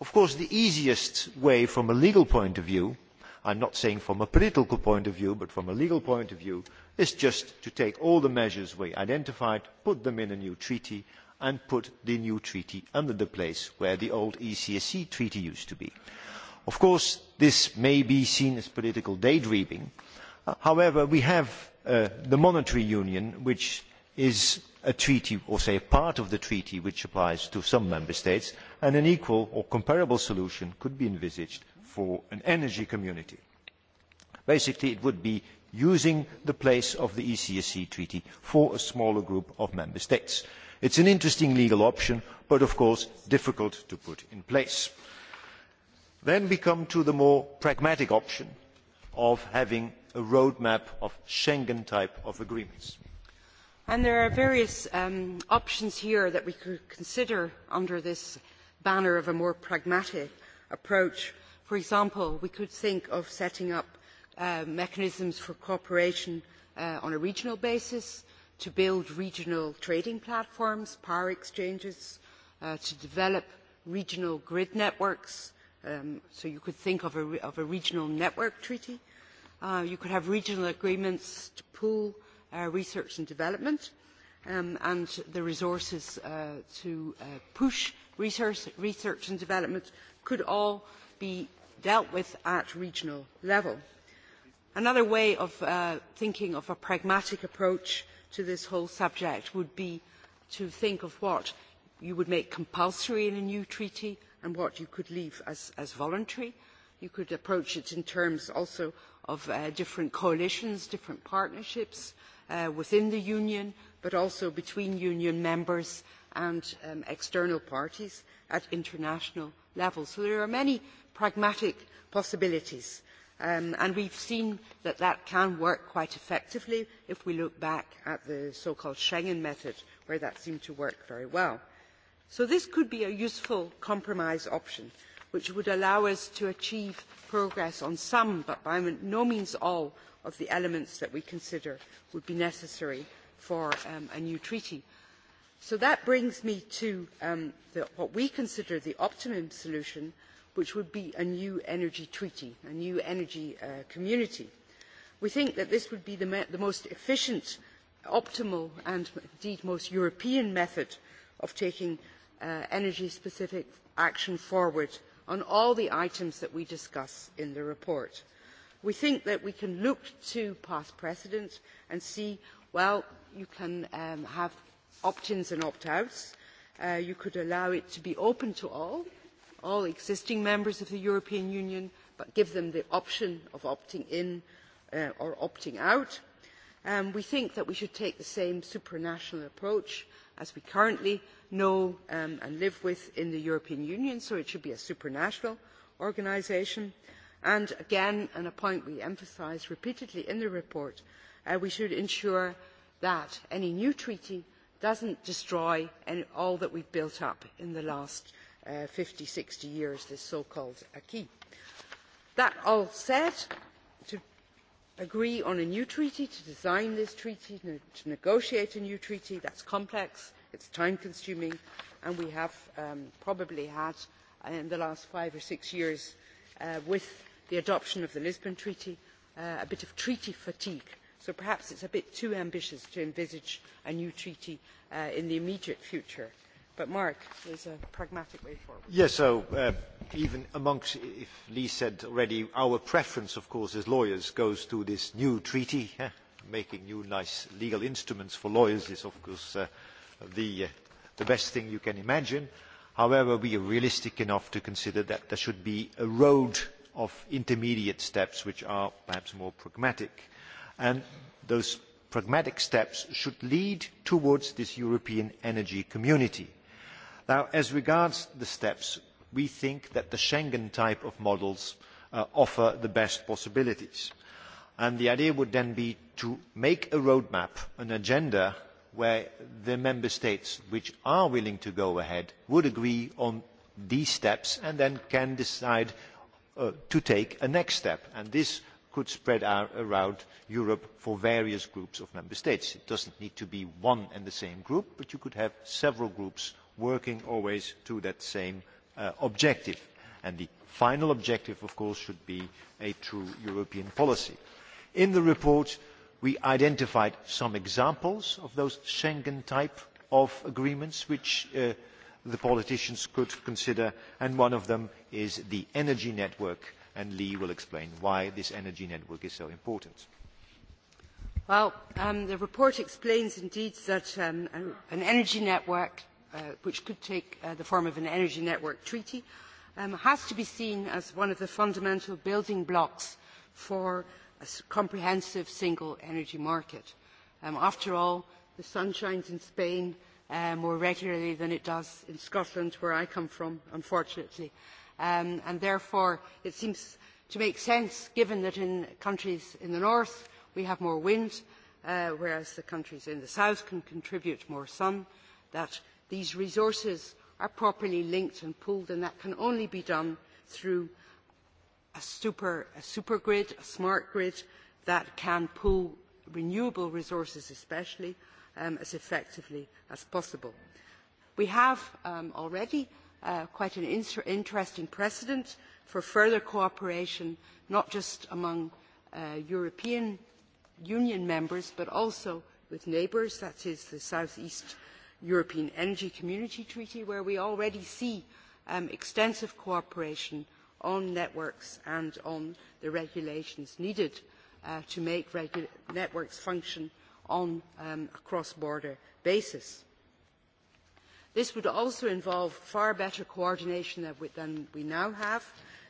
Of course, the easiest way from a legal point of view, I'm not saying from a political point of view, but from a legal point of view, is just to take all the measures we identified, put them in a new treaty, and put the new treaty under the place where the old ECSC e treaty used to be. Of course, this may be seen as political daydreaming. Uh, however, we have uh, the monetary union, which is a treaty, or say a part of the treaty, which applies to some member states, and an equal or comparable solution could be envisaged for an energy community. Basically, it would be using the place of the ECSC treaty for a smaller group of member states. It is an interesting legal option, but of course difficult to put in place. Then we come to the more pragmatic option of having a roadmap of Schengen type of agreements. there are various um, options here that we could consider under this banner of a more pragmatic approach. For example, we could think of setting up uh, mechanisms for cooperation uh, on a regional basis to build regional trading platforms, power exchanges, uh, to develop regional grid networks, Um, so you could think of a, of a regional network treaty. Uh, you could have regional agreements to pool uh, research and development um, and the resources uh, to uh, push research, research and development could all be dealt with at regional level. Another way of uh, thinking of a pragmatic approach to this whole subject would be to think of what you would make compulsory in a new treaty and what you could leave as, as voluntary. You could approach it in terms also of uh, different coalitions, different partnerships uh, within the union, but also between union members and um, external parties at international level. So there are many pragmatic possibilities. Um, and we've seen that that can work quite effectively if we look back at the so-called Schengen method, where that seemed to work very well. So this could be a useful compromise option which would allow us to achieve progress on some, but by no means all, of the elements that we consider would be necessary for um, a new treaty. So that brings me to um, the, what we consider the optimum solution, which would be a new energy treaty, a new energy uh, community. We think that this would be the, the most efficient, optimal and indeed most European method of taking uh, energy specific action forward on all the items that we discuss in the report. We think that we can look to past precedents and see, well, you can um, have opt-ins and opt-outs. Uh, you could allow it to be open to all, all existing members of the European Union, but give them the option of opting in uh, or opting out. Um, we think that we should take the same supranational approach as we currently know um, and live with in the European Union, so it should be a supranational organisation. And again, and a point we emphasise repeatedly in the report, uh, we should ensure that any new treaty doesn't destroy any, all that we've built up in the last uh, 50, 60 years, this so-called acquis. That all said, to agree on a new treaty, to design this treaty, to negotiate a new treaty, that's complex, it is time consuming and we have um, probably had uh, in the last five or six years uh, with the adoption of the Lisbon Treaty uh, a bit of treaty fatigue. So perhaps it is a bit too ambitious to envisage a new treaty uh, in the immediate future. But Mark, there's a pragmatic way forward. Yes, so uh, even amongst, if Lee said already, our preference, of course, as lawyers goes to this new treaty. Yeah? Making new nice legal instruments for lawyers is, of course, uh, the, uh, the best thing you can imagine. However, we are realistic enough to consider that there should be a road of intermediate steps which are perhaps more pragmatic. And those pragmatic steps should lead towards this European energy community. Now, as regards the steps, we think that the Schengen type of models uh, offer the best possibilities. And the idea would then be to make a roadmap, an agenda where the member states which are willing to go ahead would agree on these steps and then can decide uh, to take a next step. And this could spread out around Europe for various groups of member states. It doesn't need to be one and the same group, but you could have several groups working always to that same uh, objective. And the final objective, of course, should be a true European policy. In the report, uh, We identified some examples of those Schengen type of agreements which uh, the politicians could consider, and one of them is the energy network, and Lee will explain why this energy network is so important. Well, um, the report explains indeed that um, an energy network, uh, which could take uh, the form of an energy network treaty, um, has to be seen as one of the fundamental building blocks for a comprehensive single energy market. Um, after all, the sun shines in Spain uh, more regularly than it does in Scotland, where I come from, unfortunately. Um, and therefore, it seems to make sense, given that in countries in the north we have more wind, uh, whereas the countries in the south can contribute more sun, that these resources are properly linked and pooled, and that can only be done through a super, a super grid, a smart grid that can pool renewable resources especially um, as effectively as possible. We have um, already uh, quite an inter interesting precedent for further cooperation, not just among uh, European Union members, but also with neighbours, that is the South East European Energy Community Treaty, where we already see um, extensive cooperation on networks and on the regulations needed uh, to make networks function on um, a cross-border basis. This would also involve far better coordination than we, than we now have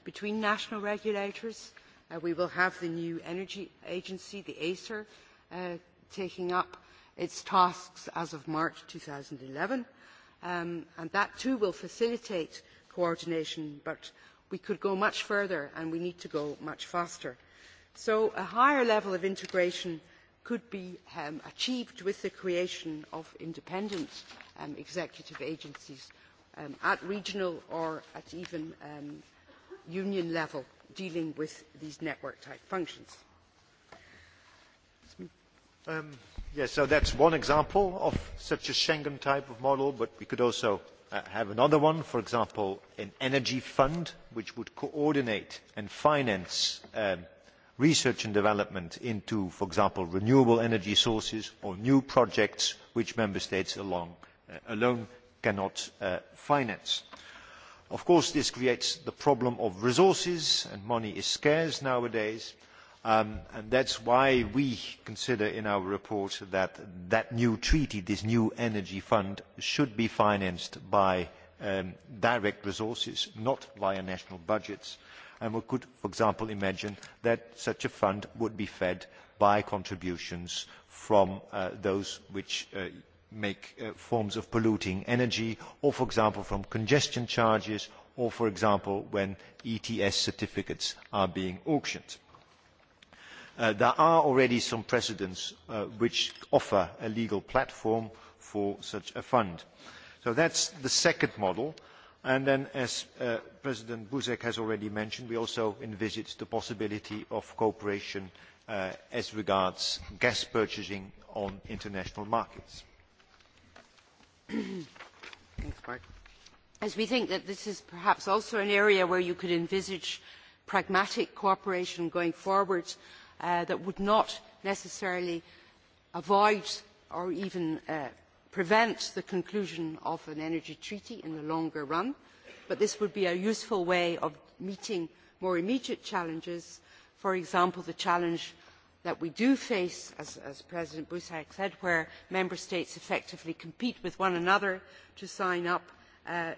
between national regulators. Uh, we will have the new energy agency, the ACER, uh, taking up its tasks as of March 2011, um, and that too will facilitate coordination, but we could go much further and we need to go much faster. So a higher level of integration could be um, achieved with the creation of independent um, executive agencies um, at regional or at even um, union level dealing with these network type functions. Um, yes, so that's one example of such a Schengen type of model, but we could also Uh, have another one, for example, an energy fund which would coordinate and finance um, research and development into, for example, renewable energy sources or new projects which member states along, uh, alone cannot uh, finance. Of course, this creates the problem of resources, and money is scarce nowadays, Um, and that's why we consider in our report that that new treaty, this new energy fund, should be financed by um, direct resources, not via national budgets. And we could, for example, imagine that such a fund would be fed by contributions from uh, those which uh, make uh, forms of polluting energy, or, for example, from congestion charges, or, for example, when ETS certificates are being auctioned. Uh, there are already some precedents uh, which offer a legal platform for such a fund. So that's the second model. And then, as uh, President Buzek has already mentioned, we also envisage the possibility of cooperation uh, as regards gas purchasing on international markets. Thanks, Mark. As we think that this is perhaps also an area where you could envisage pragmatic cooperation going forward, Uh, that would not necessarily avoid or even uh, prevent the conclusion of an energy treaty in the longer run, but this would be a useful way of meeting more immediate challenges, for example, the challenge that we do face, as, as President Busek said, where member states effectively compete with one another to sign up uh,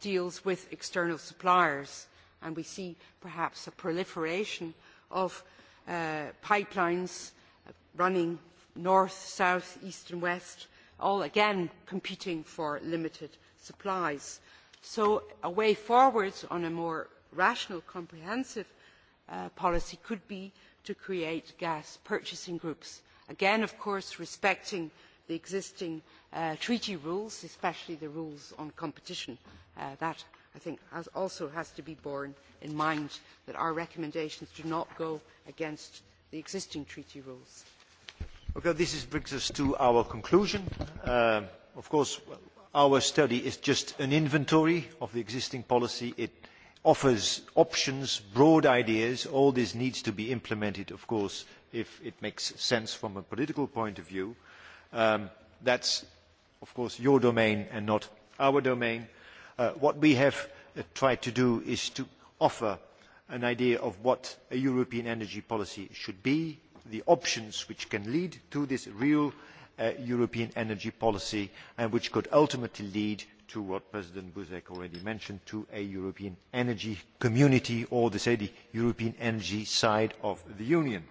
deals with external suppliers. And we see perhaps a proliferation of Uh, pipelines running north, south, east and west, all again competing for limited supplies. So a way forward on a more rational, comprehensive uh, policy could be to create gas purchasing groups. Again, of course, respecting the existing uh, treaty rules, especially the rules on competition. Uh, that I think has also has to be borne in mind that our recommendations do not go against the existing treaty rules. Okay, this is, brings us to our conclusion. Uh, of course, our study is just an inventory of the existing policy. It offers options, broad ideas. All this needs to be implemented, of course, if it makes sense from a political point of view. Um, that's, of course, your domain and not our domain. Uh, what we have uh, tried to do is to offer an idea of what a European energy policy should be, the options which can lead to this real uh, European energy policy and which could ultimately lead to what President Buzek already mentioned, to a European energy community or the, say, the European energy side of the Union.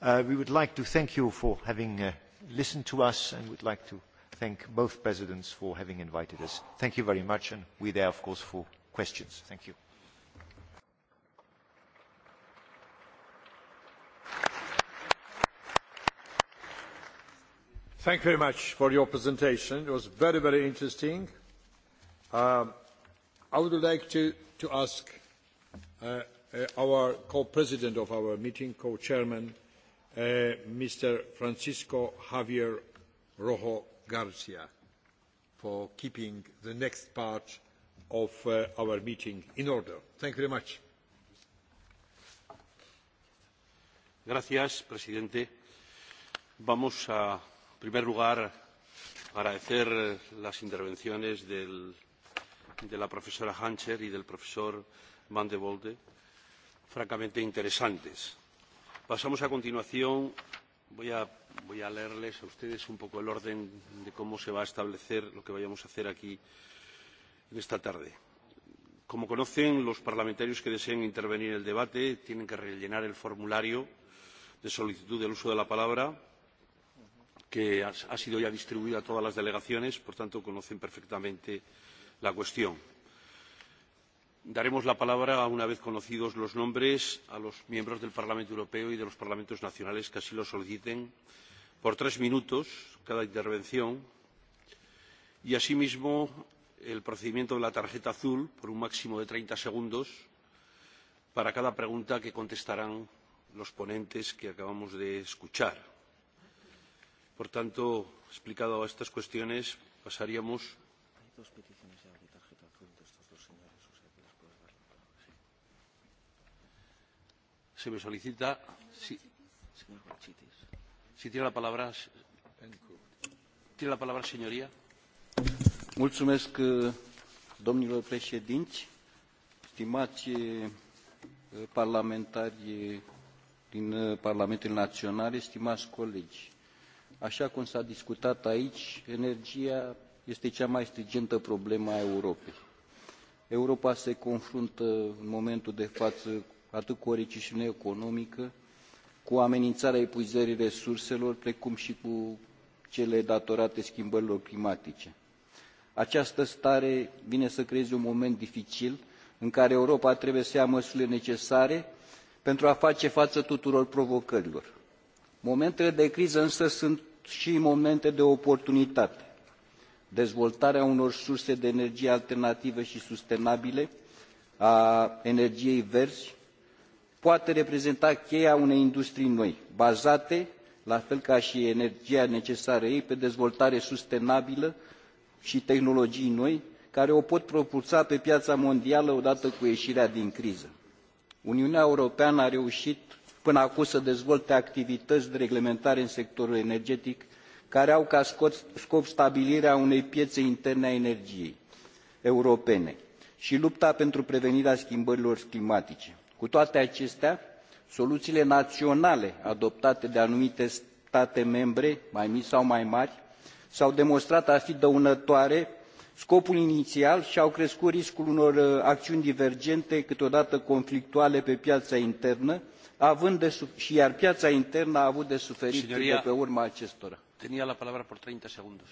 Uh, we would like to thank you for having uh, listened to us and would like to thank both presidents for having invited us. Thank you very much, and we're there, of course, for questions. Thank you. Thank you very much for your presentation. It was very, very interesting. Um, I would like to, to ask uh, uh, our co-president of our meeting, co-chairman, uh, Mr. Francisco Javier Rojo Garcia for keeping the next part of uh, our meeting in order. Thank you very much. Gracias, presidente. Vamos a, en primer lugar, agradecer eh, las intervenciones del, de la profesora Hancher y del profesor Van de Volde, francamente interesantes. Pasamos a continuación voy a, voy a leerles a ustedes un poco el orden de cómo se va a establecer lo que vayamos a hacer aquí en esta tarde. Como conocen, los parlamentarios que deseen intervenir en el debate tienen que rellenar el formulario de solicitud del uso de la palabra que ha sido ya distribuido a todas las delegaciones, por tanto conocen perfectamente la cuestión. Daremos la palabra, una vez conocidos los nombres, a los miembros del Parlamento Europeo y de los parlamentos nacionales que así lo soliciten por tres minutos cada intervención y, asimismo, el procedimiento de la tarjeta azul por un máximo de treinta segundos para cada pregunta que contestarán los ponentes que acabamos de escuchar. Por tanto, explicado estas cuestiones, pasaríamos. Hay dos peticiones. se me solicita si, si tiene la palabra tiene la palabra señoría Mulțumesc eh, domnilor președinți, stimați eh, parlamentari eh, din Parlamentul Naționale, stimați colegi. Așa cum s-a discutat aici, energia este cea mai strigentă problemă a Europei. Europa se confruntă în momentul de față atât cu o recesiune economică, cu amenințarea epuizării resurselor, precum și cu cele datorate schimbărilor climatice. Această stare vine să creeze un moment dificil în care Europa trebuie să ia măsurile necesare pentru a face față tuturor provocărilor. Momentele de criză însă sunt și momente de oportunitate. Dezvoltarea unor surse de energie alternative și sustenabile, a energiei verzi, poate reprezenta cheia unei industrii noi, bazate, la fel ca și energia necesară ei, pe dezvoltare sustenabilă și tehnologii noi, care o pot propulsa pe piața mondială odată cu ieșirea din criză. Uniunea Europeană a reușit până acum să dezvolte activități de reglementare în sectorul energetic care au ca scop stabilirea unei piețe interne a energiei europene și lupta pentru prevenirea schimbărilor climatice. Cu toate acestea, soluțiile naționale adoptate de anumite state membre, mai mici sau mai mari, s-au demonstrat a fi dăunătoare scopul inițial și au crescut riscul unor uh, acțiuni divergente, câteodată conflictuale pe piața internă, având de și iar piața internă a avut de suferit Signoria, de pe urma acestora. Tenia la palabra por 30 segundos.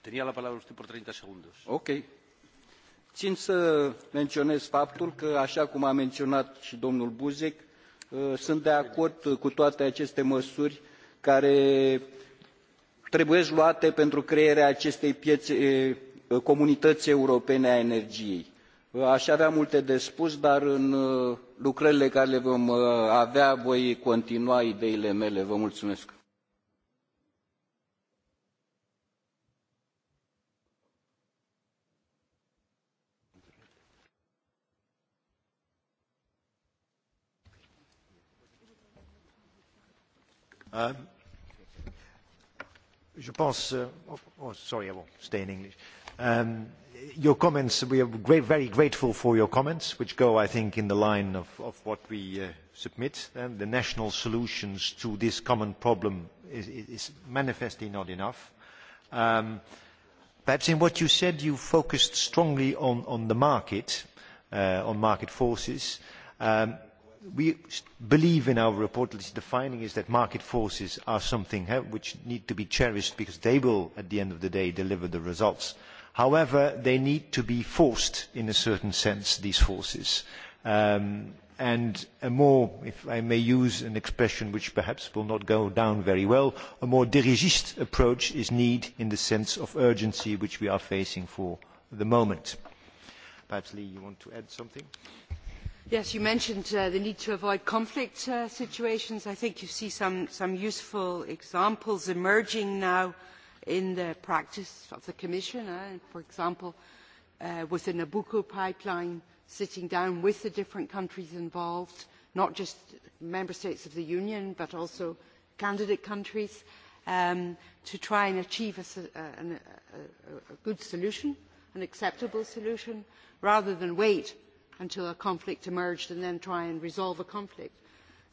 Tenia la palabra usted por 30 segundos. Okay. Țin să menționez faptul că, așa cum a menționat și domnul Buzek, uh, sunt de acord cu toate aceste măsuri care trebuie luate pentru crearea acestei piețe, uh, comunități europene a energiei. Uh, aș avea multe de spus, dar în lucrările care le vom avea voi continua ideile mele. Vă mulțumesc. Uh, je pense, uh, oh, oh, sorry, I won't stay in English. Um, your comments, we are great, very grateful for your comments, which go, I think, in the line of, of what we uh, submit. And the national solutions to this common problem is, is manifestly not enough. Um, perhaps in what you said, you focused strongly on, on the market, uh, on market forces. Um, we believe in our report, at is the finding is that market forces are something which need to be cherished because they will, at the end of the day, deliver the results. However, they need to be forced in a certain sense, these forces. Um, and a more, if I may use an expression which perhaps will not go down very well, a more dirigiste approach is needed in the sense of urgency which we are facing for the moment. Perhaps Lee, you want to add something? Yes, you mentioned uh, the need to avoid conflict uh, situations. I think you see some, some useful examples emerging now in the practice of the Commission. Uh, for example, uh, with the Nabucco pipeline, sitting down with the different countries involved, not just member states of the Union, but also candidate countries, um, to try and achieve a, a, a, a good solution, an acceptable solution, rather than wait until a conflict emerged and then try and resolve a conflict.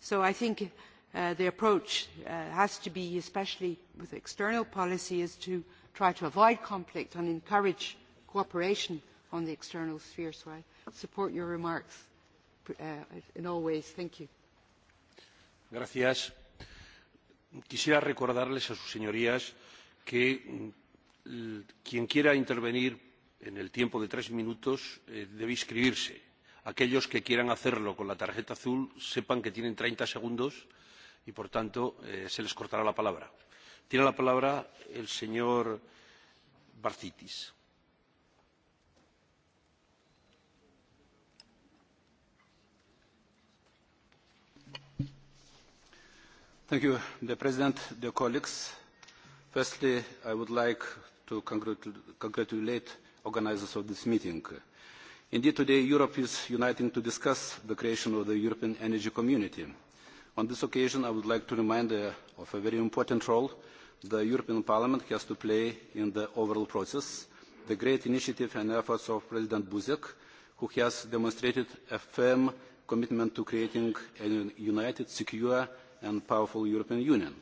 So I think uh, the approach uh, has to be, especially with external policy, is to try to avoid conflict and encourage cooperation on the external sphere. So I support your remarks uh, in all ways. Thank you. Gracias. Quisiera recordarles a sus señorías que mm, quien quiera intervenir en el tiempo de tres minutos eh, debe inscribirse aquellos que quieran hacerlo con la tarjeta azul sepan que tienen 30 segundos y, por tanto, eh, se les cortará la palabra. Tiene la palabra el señor Barcitis. Thank you, the President, the colleagues. Firstly, I would like to congratulate organizers of this meeting. Indeed, today Europe is uniting to discuss the creation of the European Energy Community. On this occasion, I would like to remind uh, of a very important role the European Parliament has to play in the overall process, the great initiative and efforts of President Buzek, who has demonstrated a firm commitment to creating a united, secure and powerful European Union.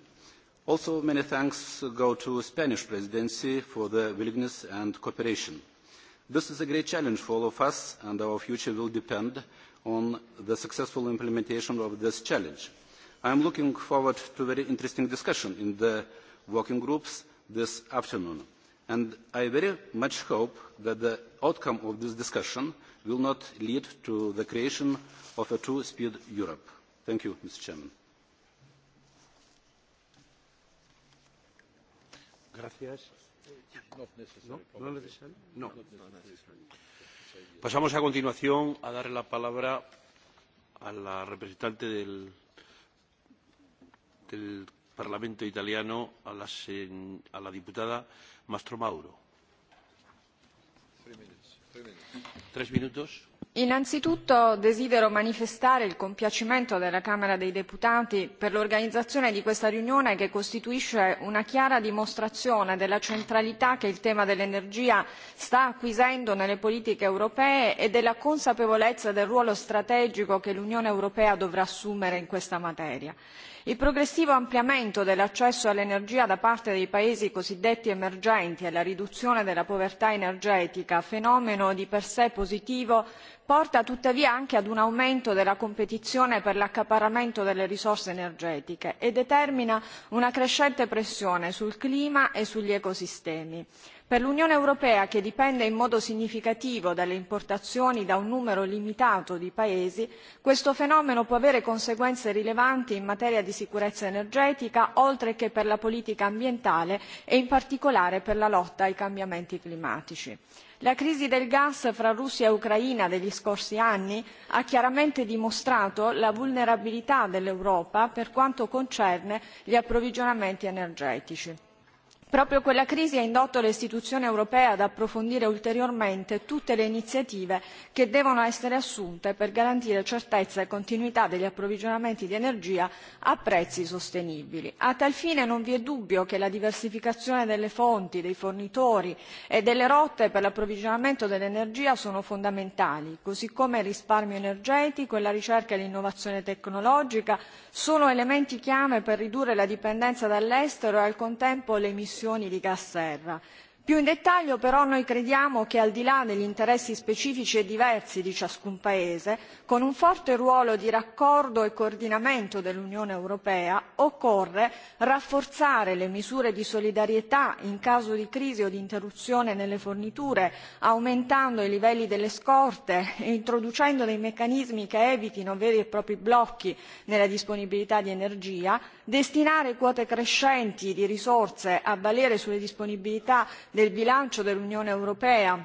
Also, many thanks go to the Spanish presidency for their willingness and cooperation. This is a great challenge for all of us, and our future will depend on the successful implementation of this challenge. I am looking forward to a very interesting discussion in the working groups this afternoon, and I very much hope that the outcome of this discussion will not lead to the creation of a two-speed Europe. Thank you, Mr. Chairman. Gracias. No, Pasamos a continuación a dar la palabra a la representante del, del Parlamento italiano, a la, sen, a la diputada Mastro Mauro. Tres minutos. Innanzitutto desidero manifestare il compiacimento della Camera dei Deputati per l'organizzazione di questa riunione che costituisce una chiara dimostrazione della centralità che il tema dell'energia sta acquisendo nelle politiche europee e della consapevolezza del ruolo strategico che l'Unione Europea dovrà assumere in questa materia. Il progressivo ampliamento dell'accesso all'energia da parte dei paesi cosiddetti emergenti e la riduzione della povertà energetica, fenomeno di per sé positivo, porta tuttavia anche ad un aumento della competizione per l'accaparramento delle risorse energetiche e determina una crescente pressione sul clima e sugli ecosistemi. Per l'Unione Europea, che dipende in modo significativo dalle importazioni da un numero limitato di Paesi, questo fenomeno può avere conseguenze rilevanti in materia di sicurezza energetica, oltre che per la politica ambientale e in particolare per la lotta ai cambiamenti climatici. La crisi del gas fra Russia e Ucraina degli scorsi anni ha chiaramente dimostrato la vulnerabilità dell'Europa per quanto concerne gli approvvigionamenti energetici Proprio quella crisi ha indotto le istituzioni europee ad approfondire ulteriormente tutte le iniziative che devono essere assunte per garantire certezza e continuità degli approvvigionamenti di energia a prezzi sostenibili. A tal fine non vi è dubbio che la diversificazione delle fonti, dei fornitori e delle rotte per l'approvvigionamento dell'energia sono fondamentali, così come il risparmio energetico e la ricerca e l'innovazione tecnologica sono elementi chiave per ridurre la dipendenza dall'estero e al contempo le emissioni emissioni di gas serra. Più in dettaglio però noi crediamo che al di là degli interessi specifici e diversi di ciascun Paese, con un forte ruolo di raccordo e coordinamento dell'Unione Europea occorre rafforzare le misure di solidarietà in caso di crisi o di interruzione nelle forniture, aumentando i livelli delle scorte e introducendo dei meccanismi che evitino veri e propri blocchi nella disponibilità di energia destinare quote crescenti di risorse a valere sulle disponibilità del bilancio dell'Unione Europea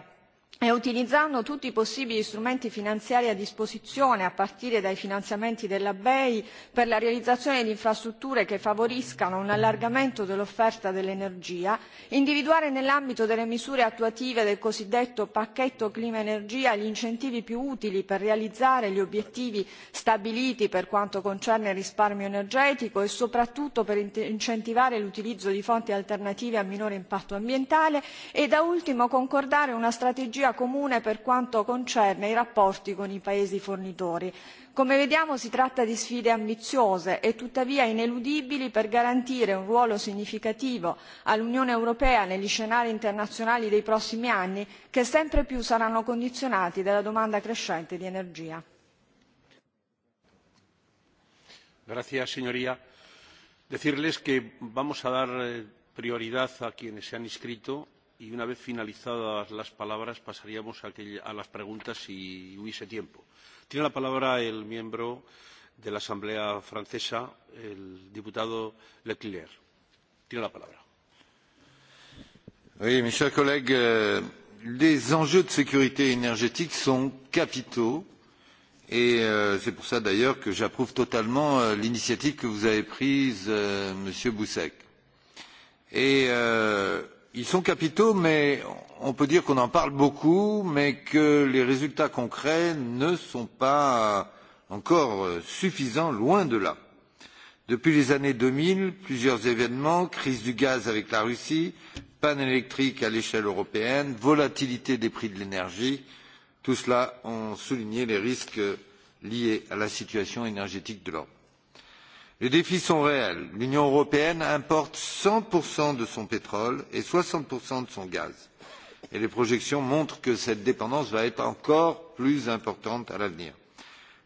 e utilizzando tutti i possibili strumenti finanziari a disposizione, a partire dai finanziamenti della BEI, per la realizzazione di infrastrutture che favoriscano un allargamento dell'offerta dell'energia, individuare nell'ambito delle misure attuative del cosiddetto pacchetto clima-energia gli incentivi più utili per realizzare gli obiettivi stabiliti per quanto concerne il risparmio energetico e soprattutto per incentivare l'utilizzo di fonti alternative a minore impatto ambientale e da ultimo concordare una strategia strategia comune per quanto concerne i rapporti con i Paesi fornitori. Come vediamo si tratta di sfide ambiziose e tuttavia ineludibili per garantire un ruolo significativo all'Unione Europea negli scenari internazionali dei prossimi anni che sempre più saranno condizionati dalla domanda crescente di energia. Decirles che vamos a dar eh, prioridad a quienes se han inscrito y una vez finalizadas las palabras pasaríamos a, que, a las preguntas si hubiese tiempo. Tiene la palabra el miembro de la Asamblea Francesa, el diputado Leclerc. Tiene la palabra. Oui, mes chers collègues, euh, les enjeux de sécurité énergétique sont capitaux et euh, c'est pour ça d'ailleurs que j'approuve totalement euh, l'initiative que vous avez prise, Monsieur Boussek. Et Ils sont capitaux, mais on peut dire qu'on en parle beaucoup, mais que les résultats concrets ne sont pas encore suffisants, loin de là. Depuis les années 2000, plusieurs événements, crise du gaz avec la Russie, panne électrique à l'échelle européenne, volatilité des prix de l'énergie, tout cela ont souligné les risques liés à la situation énergétique de l'Europe. Les défis sont réels. L'Union européenne importe 100% de son pétrole et 60% de son gaz. Et les projections montrent que cette dépendance va être encore plus importante à l'avenir.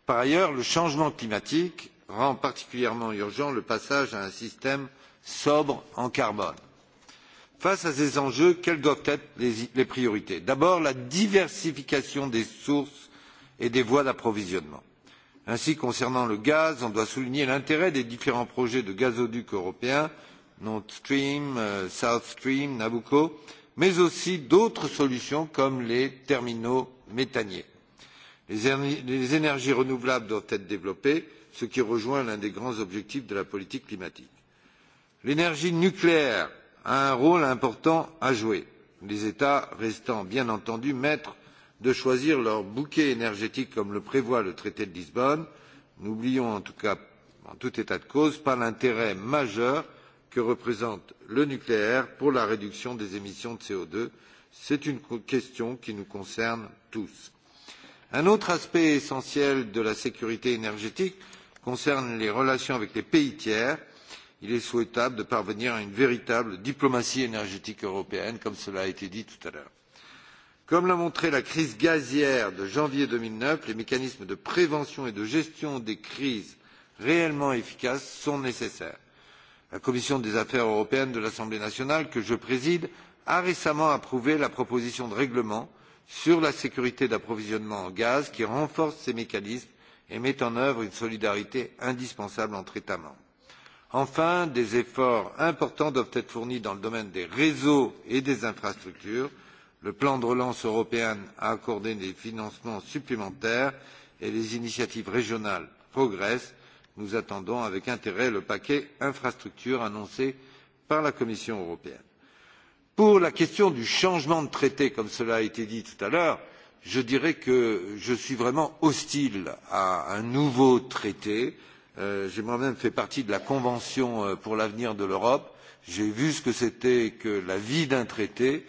Par ailleurs, le changement climatique rend particulièrement urgent le passage à un système sobre en carbone. Face à ces enjeux, quelles doivent être les, les priorités D'abord, la diversification des sources et des voies d'approvisionnement. Ainsi, concernant le gaz, on doit souligner l'intérêt des différents projets de gazoducs européens, Nord Stream, euh, South Stream, Nabucco, mais aussi d'autres solutions comme les terminaux méthaniers. Les énergies renouvelables doivent être développées, ce qui rejoint l'un des grands objectifs de la politique climatique. L'énergie nucléaire a un rôle important à jouer, les États restant bien entendu maîtres de choisir leur bouquet énergétique comme le prévoit le traité de Lisbonne. N'oublions en tout cas, en tout état de cause, pas l'intérêt majeur que représente le nucléaire pour la réduction des émissions de co deux. C'est une question qui nous concerne tous. Un autre aspect essentiel de la sécurité énergétique concerne les relations avec les pays tiers. Il est souhaitable de parvenir à une véritable diplomatie énergétique européenne, comme cela a été dit tout à l'heure. Comme l'a montré la crise gazière de janvier deux mille neuf, les mécanismes de prévention et de gestion des crises réellement efficaces sont nécessaires. La commission des affaires européennes de l'Assemblée nationale, que je préside, a récemment approuvé la proposition de règlement sur la sécurité d'approvisionnement en gaz qui renforce ces mécanismes et met en œuvre une solidarité indispensable entre États membres. Enfin, des efforts importants doivent être fournis dans le domaine des réseaux et des infrastructures Le plan de relance européen a accordé des financements supplémentaires et les initiatives régionales progressent. Nous attendons avec intérêt le paquet infrastructures annoncé par la Commission européenne. Pour la question du changement de traité, comme cela a été dit tout à l'heure, je dirais que je suis vraiment hostile à un nouveau traité. Euh, J'ai moi-même fait partie de la Convention euh, pour l'avenir de l'Europe. J'ai vu ce que c'était que la vie d'un traité. Euh,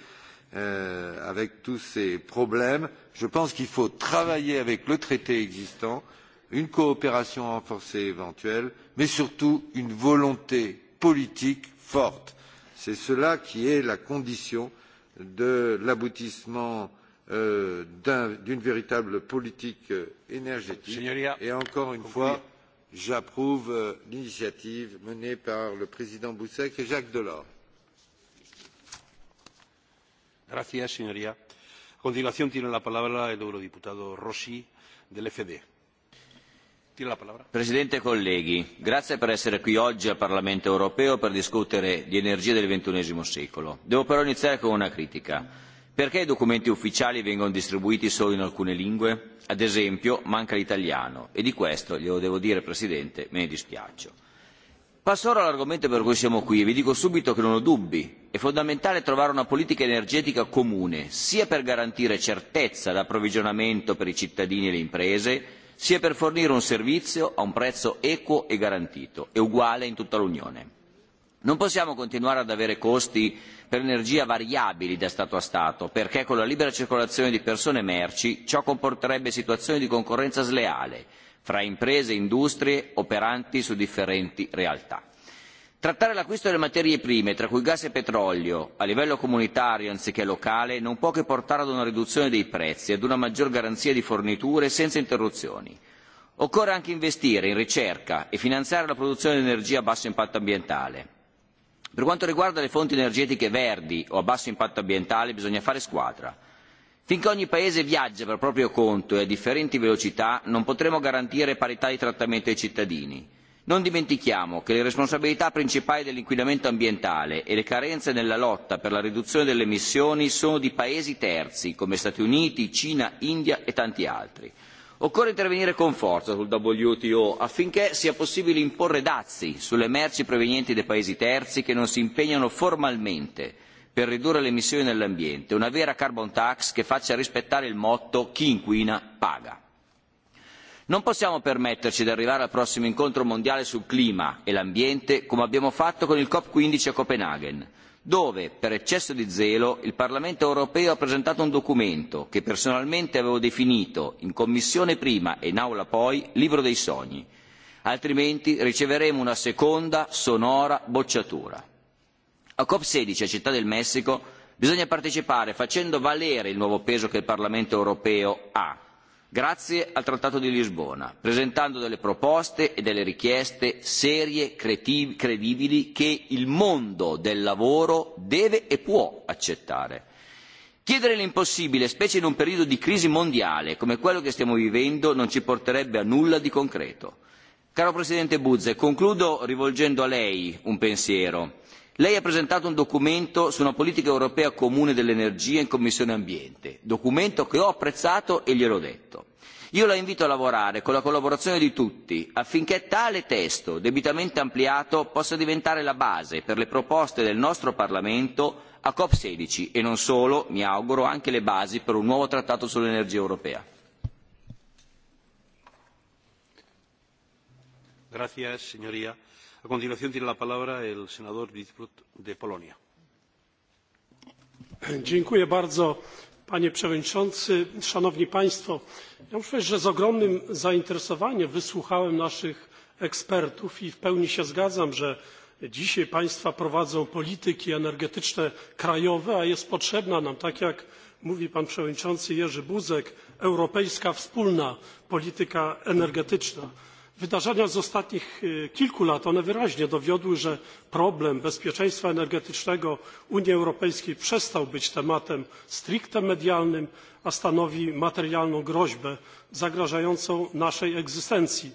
euh, avec tous ces problèmes. Je pense qu'il faut travailler avec le traité existant, une coopération renforcée éventuelle, mais surtout une volonté politique forte. C'est cela qui est la condition de l'aboutissement euh, d'une un, véritable politique euh, énergétique. Signoria, Et encore une conclure. fois, j'approuve euh, l'initiative menée par le président Boussec et Jacques Delors. Gracias, señoría. A continuación tiene la palabra el eurodiputado Rossi del FD. Presidente, colleghi, grazie per essere qui oggi al Parlamento europeo per discutere di energia del XXI secolo. Devo però iniziare con una critica. Perché i documenti ufficiali vengono distribuiti solo in alcune lingue? Ad esempio, manca l'italiano e di questo, glielo devo dire Presidente, me ne dispiaccio. Passo ora all'argomento per cui siamo qui e vi dico subito che non ho dubbi. È fondamentale trovare una politica energetica comune, sia per garantire certezza d'approvvigionamento per i cittadini e le imprese, sia per fornire un servizio a un prezzo equo e garantito, e uguale in tutta l'Unione. Non possiamo continuare ad avere costi per energia variabili da Stato a Stato, perché con la libera circolazione di persone e merci ciò comporterebbe situazioni di concorrenza sleale, fra imprese e industrie operanti su differenti realtà. Trattare l'acquisto delle materie prime, tra cui gas e petrolio, a livello comunitario anziché locale, non può che portare ad una riduzione dei prezzi e ad una maggior garanzia di forniture senza interruzioni. Occorre anche investire in ricerca e finanziare la produzione di energia a basso impatto ambientale. Per quanto riguarda le fonti energetiche verdi o a basso impatto ambientale bisogna fare squadra Finché ogni Paese viaggia per proprio conto e a differenti velocità non potremo garantire parità di trattamento ai cittadini. Non dimentichiamo che le responsabilità principali dell'inquinamento ambientale e le carenze nella lotta per la riduzione delle emissioni sono di Paesi terzi come Stati Uniti, Cina, India e tanti altri. Occorre intervenire con forza sul WTO affinché sia possibile imporre dazi sulle merci provenienti dai Paesi terzi che non si impegnano formalmente per ridurre le emissioni nell'ambiente, una vera carbon tax che faccia rispettare il motto chi inquina paga. Non possiamo permetterci di arrivare al prossimo incontro mondiale sul clima e l'ambiente come abbiamo fatto con il COP15 a Copenaghen, dove, per eccesso di zelo, il Parlamento europeo ha presentato un documento che personalmente avevo definito, in commissione prima e in aula poi, libro dei sogni. Altrimenti riceveremo una seconda sonora bocciatura. A COP16 a Città del Messico bisogna partecipare facendo valere il nuovo peso che il Parlamento europeo ha, grazie al Trattato di Lisbona, presentando delle proposte e delle richieste serie, credibili, che il mondo del lavoro deve e può accettare. Chiedere l'impossibile, specie in un periodo di crisi mondiale come quello che stiamo vivendo, non ci porterebbe a nulla di concreto. Caro Presidente Buzze, concludo rivolgendo a lei un pensiero. Lei ha presentato un documento su una politica europea comune dell'energia in Commissione Ambiente, documento che ho apprezzato e ho detto. Io la invito a lavorare con la collaborazione di tutti affinché tale testo, debitamente ampliato, possa diventare la base per le proposte del nostro Parlamento a COP16 e non solo, mi auguro, anche le basi per un nuovo trattato sull'energia europea. A continuación tiene la palabra el senador de Polonia. Dziękuję bardzo panie przewodniczący, szanowni państwo. Ja muszę powiedzieć, że z ogromnym zainteresowaniem wysłuchałem naszych ekspertów i w pełni się zgadzam, że dzisiaj państwa prowadzą polityki energetyczne krajowe, a jest potrzebna nam, tak jak mówi pan przewodniczący Jerzy Buzek, europejska wspólna polityka energetyczna. Wydarzenia z ostatnich e, kilku lat one wyraźnie dowiodły, że problem bezpieczeństwa energetycznego Unii Europejskiej przestał być tematem stricte medialnym, a stanowi materialną groźbę zagrażającą naszej egzystencji.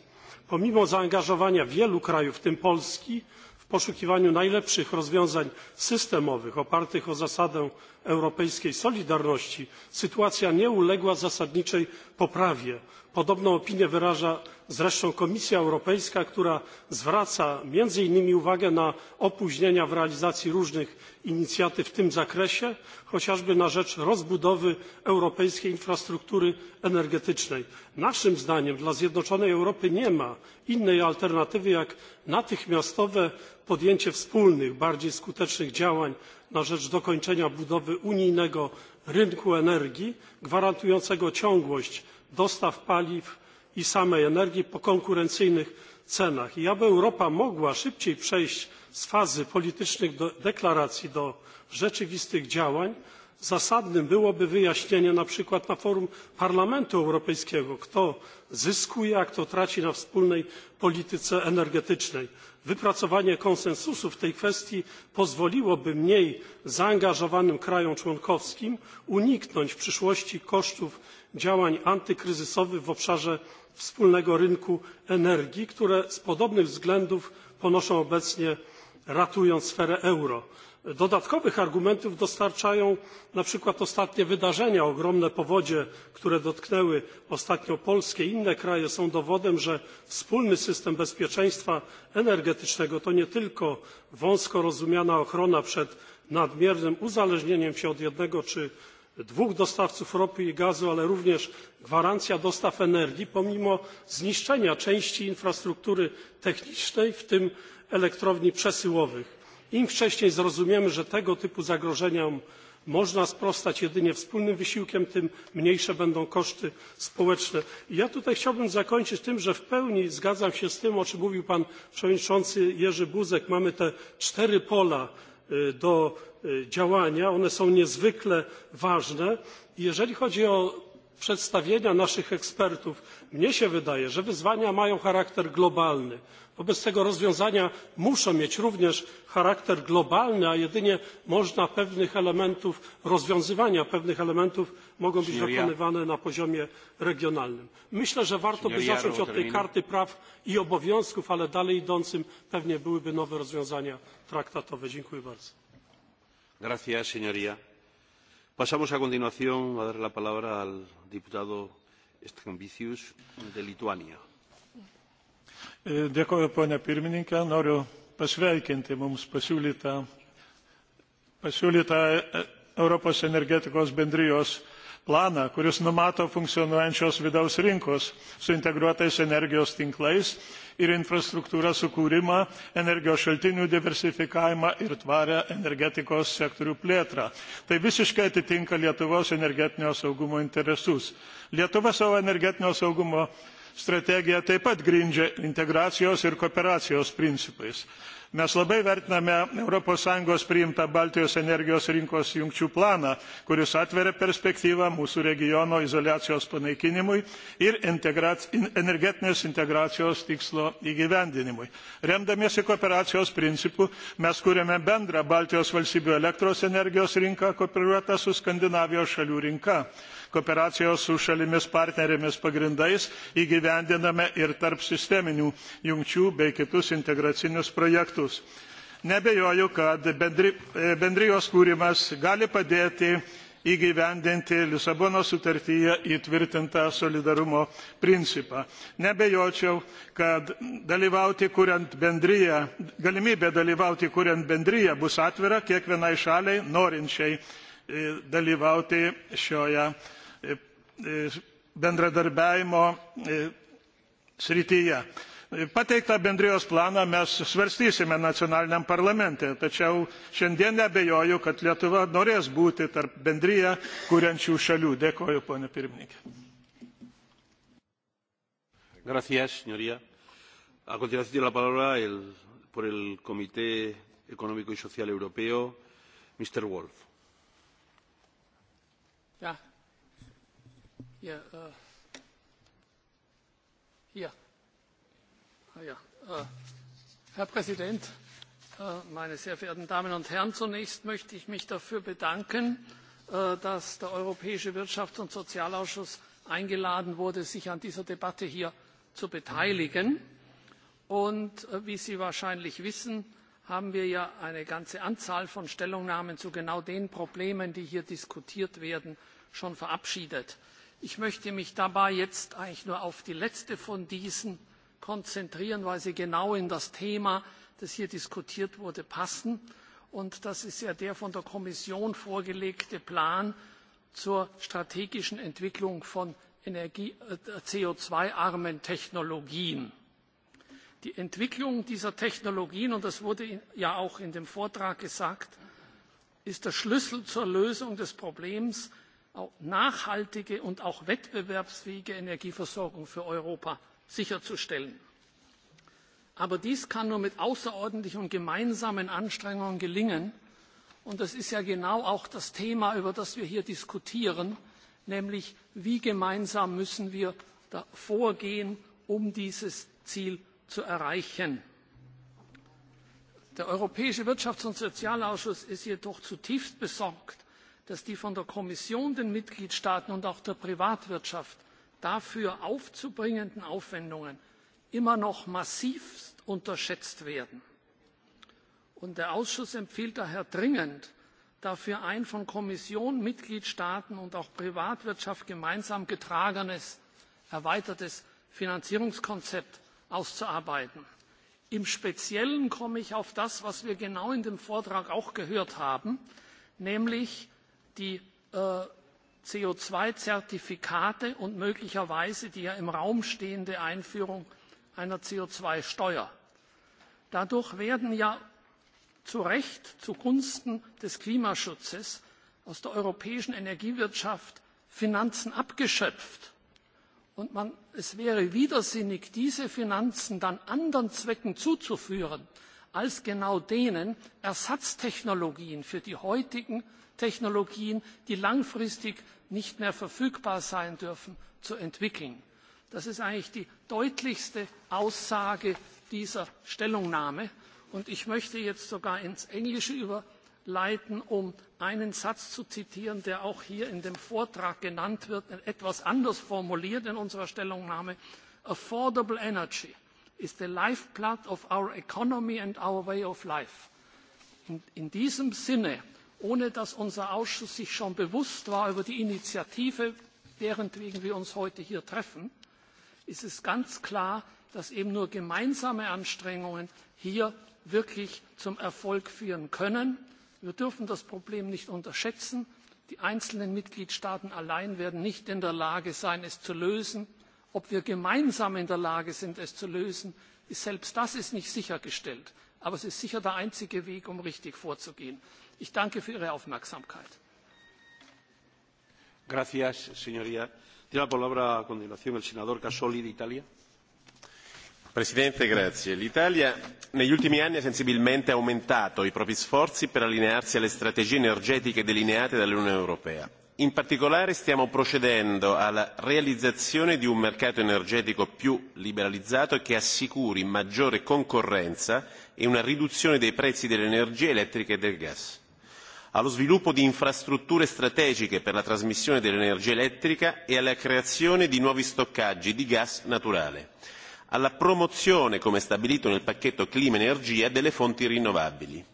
Pomimo zaangażowania wielu krajów, w tym Polski, w poszukiwaniu najlepszych rozwiązań systemowych opartych o zasadę europejskiej solidarności sytuacja nie uległa zasadniczej poprawie. Podobną opinię wyraża zresztą Komisja Europejska, która zwraca między innymi uwagę na opóźnienia w realizacji różnych inicjatyw w tym zakresie, chociażby na rzecz rozbudowy europejskiej infrastruktury energetycznej. Naszym zdaniem dla Zjednoczonej Europy nie ma innej alternatywy jak natychmiastowe podjęcie wspólnych, bardziej skutecznych działań na rzecz dokończenia budowy unijnego rynku energii gwarantującego ciągłość dostaw paliw i samej energii po konkurencyjnych cenach. I aby Europa mogła szybciej przejść z fazy politycznych deklaracji do rzeczywistych działań, zasadnym byłoby wyjaśnienie na przykład na forum Parlamentu Europejskiego, kto zyskuje, a kto traci na wspólnej polityce energetycznej. Wypracowanie konsensusu w tej kwestii pozwoliłoby mniej zaangażowanym krajom członkowskim uniknąć w przyszłości kosztów działań antykryzysowych w obszarze wspólnego rynku energii, które z podobnych względów ponoszą obecnie, ratując sferę euro. Dodatkowych argumentów dostarczają na przykład ostatnie wydarzenia, ogromne powodzie, które dotknęły ostatnio Polskę i inne kraje są dowodem, że wspólny system bezpieczeństwa energetycznego to nie tylko wąsko rozumiana ochrona przed nadmiernym uzależnieniem się od jednego czy dwóch dostawców ropy i gazu ale również gwarancja dostaw energii pomimo zniszczenia części infrastruktury technicznej w tym elektrowni przesyłowych. im wcześniej zrozumiemy że tego typu zagrożeniom można sprostać jedynie wspólnym wysiłkiem tym mniejsze będą koszty społeczne. ja tutaj chciałbym zakończyć tym że w pełni zgadzam się z tym o czym mówił pan przewodniczący jerzy buzek mamy te cztery pola do E, działania one są niezwykle ważne i jeżeli chodzi o przedstawienia naszych ekspertów mnie się wydaje że wyzwania mają charakter globalny wobec tego rozwiązania muszą mieć również charakter globalny a jedynie można pewnych elementów rozwiązywania pewnych elementów mogą być dokonywane na poziomie regionalnym. myślę że warto by zacząć od tej karty praw i obowiązków ale dalej idącym pewnie byłyby nowe rozwiązania traktatowe. dziękuję bardzo. Gracias, señoría. Pasamos a continuación a dar la palabra al diputado Stambicius de Lituania. Eh, dėkoju, ponia pirmininkė. Noriu pasveikinti mums pasiūlytą, pasiūlytą e, Europos energetikos bendrijos planą, kuris numato funkcionuojančios vidaus rinkos su integruotais energijos tinklais ir infrastruktūros sukūrimą energijos šaltinių diversifikavimą ir tvarią energetikos sektorių plėtrą. tai visiškai atitinka lietuvos energetinio saugumo interesus. lietuva savo energetinio saugumo strategija taip pat grindžia integracijos ir kooperacijos principais. Mes labai vertiname ES priimtą Baltijos energijos rinkos jungčių planą, kuris atveria perspektyvą mūsų regiono izolacijos panaikinimui ir energetinės integracijos tikslo įgyvendinimui. Remdamiesi kooperacijos principu, mes kūrėme bendrą Baltijos valstybių elektros energijos rinką kooperuotą su Skandinavijos šalių rinka kooperacijos su šalimis partnerėmis pagrindais įgyvendiname ir tarpsisteminių jungčių bei kitus integracinius projektus. neabejoju kad bendri, e, bendrijos kūrimas gali padėti įgyvendinti Lisabonos sutartyje įtvirtintą solidarumo principą. Nebejočiau, kad dalyvauti kuriant bendryje, galimybė dalyvauti kuriant bendryje bus atvira kiekvienai šaliai norinčiai e, dalyvauti šioje bendradarbiavimo e, srityje. E, Pateiktą bendrijos planą mes svarstysime nacionaliniam parlamente, tačiau šiandien nebejoju, kad Lietuva norės būti tarp bendryje kuriančių šalių. Dėkoju, ponė pirmininkė. Gracias, señoría. A continuación tiene la palabra el, por el Comité Económico y Social Europeo, Mr. Wolf. ja. Äh, ah, äh, Herr Präsident, äh, meine sehr verehrten Damen und Herren, zunächst möchte ich mich dafür bedanken, dass der Europäische Wirtschafts- und Sozialausschuss eingeladen wurde, sich an dieser Debatte hier zu beteiligen. Und wie Sie wahrscheinlich wissen, haben wir ja eine ganze Anzahl von Stellungnahmen zu genau den Problemen, die hier diskutiert werden, schon verabschiedet. Ich möchte mich dabei jetzt eigentlich nur auf die letzte von diesen konzentrieren, weil sie genau in das Thema, das hier diskutiert wurde, passen. Und das ist ja der von der Kommission vorgelegte Plan zur strategischen Entwicklung von Energie, äh, CO2-armen Technologien. Die Entwicklung dieser Technologien, und das wurde ja auch in dem Vortrag gesagt, ist der Schlüssel zur Lösung des Problems auch nachhaltige und auch wettbewerbsfähige Energieversorgung für Europa sicherzustellen. Aber dies kann nur mit außerordentlichen gemeinsamen Anstrengungen gelingen. Und das ist ja genau auch das Thema, über das wir hier diskutieren, nämlich wie gemeinsam müssen wir da vorgehen, um dieses Ziel zu erreichen. Der Europäische Wirtschafts- und Sozialausschuss ist jedoch zutiefst besorgt, dass die von der Kommission, den Mitgliedstaaten und auch der Privatwirtschaft dafür aufzubringenden Aufwendungen immer noch massivst unterschätzt werden. Und der Ausschuss empfiehlt daher dringend, dafür ein von Kommission, Mitgliedstaaten und auch Privatwirtschaft gemeinsam getragenes, erweitertes Finanzierungskonzept auszuarbeiten. Im Speziellen komme ich auf das, was wir genau in dem Vortrag auch gehört haben, nämlich die äh, co zwei zertifikate und möglicherweise die ja im raum stehende einführung einer co zwei steuer. dadurch werden ja zu recht zugunsten des klimaschutzes aus der europäischen energiewirtschaft finanzen abgeschöpft und man, es wäre widersinnig diese finanzen dann anderen zwecken zuzuführen als genau denen Ersatztechnologien für die heutigen Technologien, die langfristig nicht mehr verfügbar sein dürfen, zu entwickeln. Das ist eigentlich die deutlichste Aussage dieser Stellungnahme. Und ich möchte jetzt sogar ins Englische überleiten, um einen Satz zu zitieren, der auch hier in dem Vortrag genannt wird, etwas anders formuliert in unserer Stellungnahme. Affordable Energy is the Lifeblood of our economy and our way of life. In, in diesem Sinne, ohne dass unser Ausschuss sich schon bewusst war über die Initiative, derentwegen wir uns heute hier treffen, ist es ganz klar, dass eben nur gemeinsame Anstrengungen hier wirklich zum Erfolg führen können. Wir dürfen das Problem nicht unterschätzen. Die einzelnen Mitgliedstaaten allein werden nicht in der Lage sein, es zu lösen. Ob wir gemeinsam in der Lage sind, es zu lösen, ist selbst das ist nicht sichergestellt. Aber es ist sicher der einzige Weg, um richtig vorzugehen. Ich danke für Ihre Aufmerksamkeit. Gracias, señoría. Tiene la palabra a continuación el senador Casoli de Italia. Presidente, grazie. L'Italia negli ultimi anni ha sensibilmente aumentato i propri sforzi per allinearsi alle strategie energetiche delineate dall'Unione Europea In particolare stiamo procedendo alla realizzazione di un mercato energetico più liberalizzato che assicuri maggiore concorrenza e una riduzione dei prezzi dell'energia elettrica e del gas, allo sviluppo di infrastrutture strategiche per la trasmissione dell'energia elettrica e alla creazione di nuovi stoccaggi di gas naturale, alla promozione, come stabilito nel pacchetto clima energia, delle fonti rinnovabili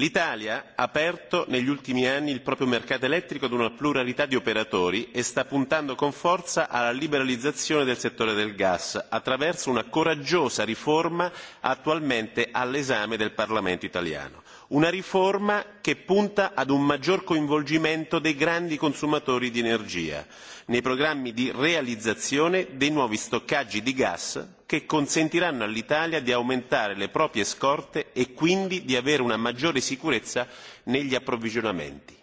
L'Italia ha aperto negli ultimi anni il proprio mercato elettrico ad una pluralità di operatori e sta puntando con forza alla liberalizzazione del settore del gas attraverso una coraggiosa riforma attualmente all'esame del Parlamento italiano. Una riforma che punta ad un maggior coinvolgimento dei grandi consumatori di energia nei programmi di realizzazione dei nuovi stoccaggi di gas che consentiranno all'Italia di aumentare le proprie scorte e quindi di avere una maggiore sicurezza negli approvvigionamenti.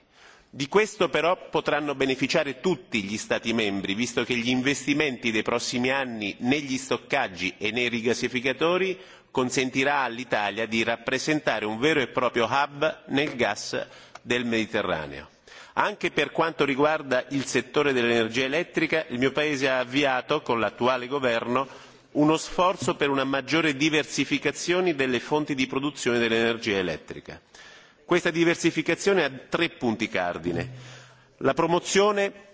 Di questo però potranno beneficiare tutti gli Stati membri, visto che gli investimenti dei prossimi anni negli stoccaggi e nei rigasificatori consentirà all'Italia di rappresentare un vero e proprio hub nel gas del Mediterraneo. Anche per quanto riguarda il settore dell'energia elettrica, il mio Paese ha avviato, con l'attuale governo, uno sforzo per una maggiore diversificazione delle fonti di produzione dell'energia elettrica. Questa diversificazione ha tre punti cardine. La promozione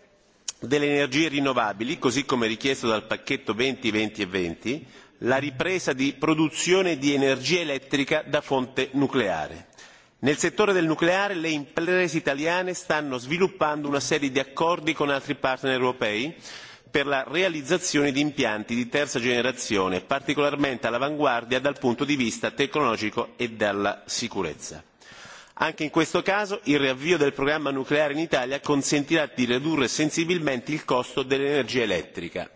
delle energie rinnovabili, così come richiesto dal pacchetto 20, 20 e 20, la ripresa di produzione di energia elettrica da fonte nucleare. Nel settore del nucleare le imprese italiane stanno sviluppando una serie di accordi con altri partner europei per la realizzazione di impianti di terza generazione, particolarmente all'avanguardia dal punto di vista tecnologico e della sicurezza. Anche in questo caso il riavvio del programma nucleare in Italia consentirà di ridurre sensibilmente il costo dell'energia elettrica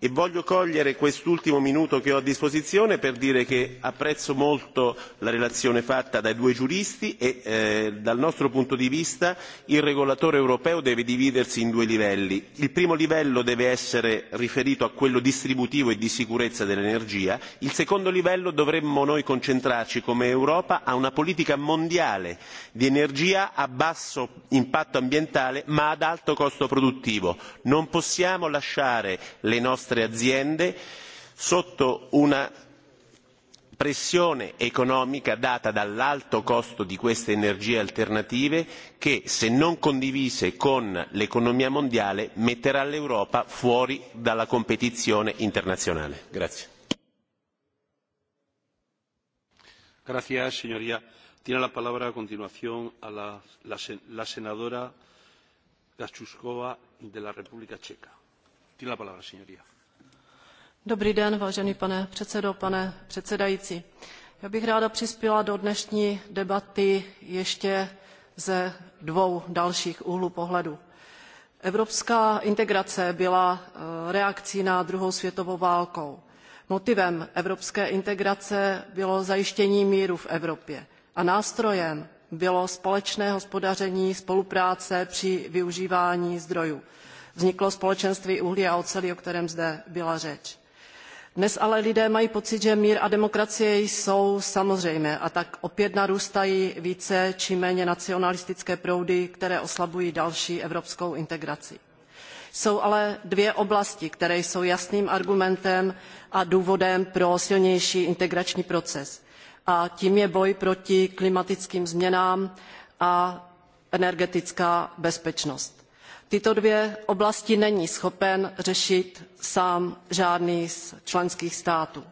e voglio cogliere quest'ultimo minuto che ho a disposizione per dire che apprezzo molto la relazione fatta dai due giuristi e eh, dal nostro punto di vista il regolatore europeo deve dividersi in due livelli. Il primo livello deve essere riferito a quello distributivo e di sicurezza dell'energia, il secondo livello dovremmo noi concentrarci come Europa a una politica mondiale di energia a basso impatto ambientale ma ad alto costo produttivo. Non possiamo lasciare le nostre nostre aziende sotto una pressione economica data dall'alto costo di queste energie alternative che, se non condivise con l'economia mondiale, metterà l'Europa fuori dalla competizione internazionale. Grazie. Gracias, señoría. Tiene la palabra a continuación a la, la, la senadora Gachuskova de la República Checa. Tiene la palabra, señoría. Dobrý den, vážený pane předsedo, pane předsedající. Já bych ráda přispěla do dnešní debaty ještě ze dvou dalších úhlů pohledu. Evropská integrace byla eh, reakcí na druhou světovou válkou. Motivem evropské integrace bylo zajištění míru v Evropě a nástrojem bylo společné hospodaření, spolupráce při využívání zdrojů. Vzniklo společenství uhlí a oceli, o kterém zde byla řeč. Dnes ale lidé mají pocit, že mír a demokracie jsou samozřejmé a tak opět narůstají více či méně nacionalistické proudy, které oslabují další evropskou integraci. Jsou ale dvě oblasti, které jsou jasným argumentem a důvodem pro silnější integrační proces. A tím je boj proti klimatickým změnám a energetická bezpečnost. Tyto dvě oblasti není schopen řešit sám žádný z členských států.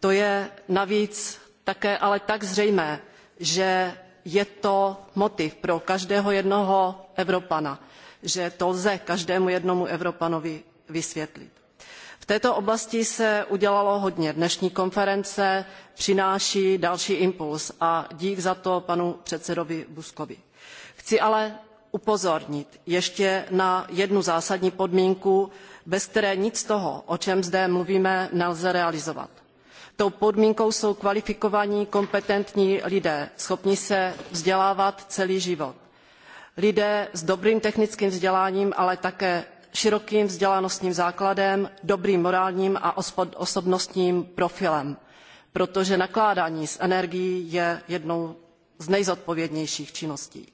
To je navíc také ale tak zřejmé, že je to motiv pro každého jednoho Evropana, že to lze každému jednomu Evropanovi vysvětlit. V této oblasti se udělalo hodně. Dnešní konference přináší další impuls a dík za to panu předsedovi Buskovi. Chci ale upozornit ještě na jednu zásadní podmínku, bez které nic z toho, o čem zde mluvíme, nelze realizovat. Tou podmínkou jsou kvalifikovaní, kompetentní lidé, schopni se vzdělávat celý život. Lidé s dobrým technickým vzděláním, ale také širokým vzdělanostním základem, dobrým morálním a osobnostním profilem, protože nakládání s energií je jednou z nejzodpovědnějších činností.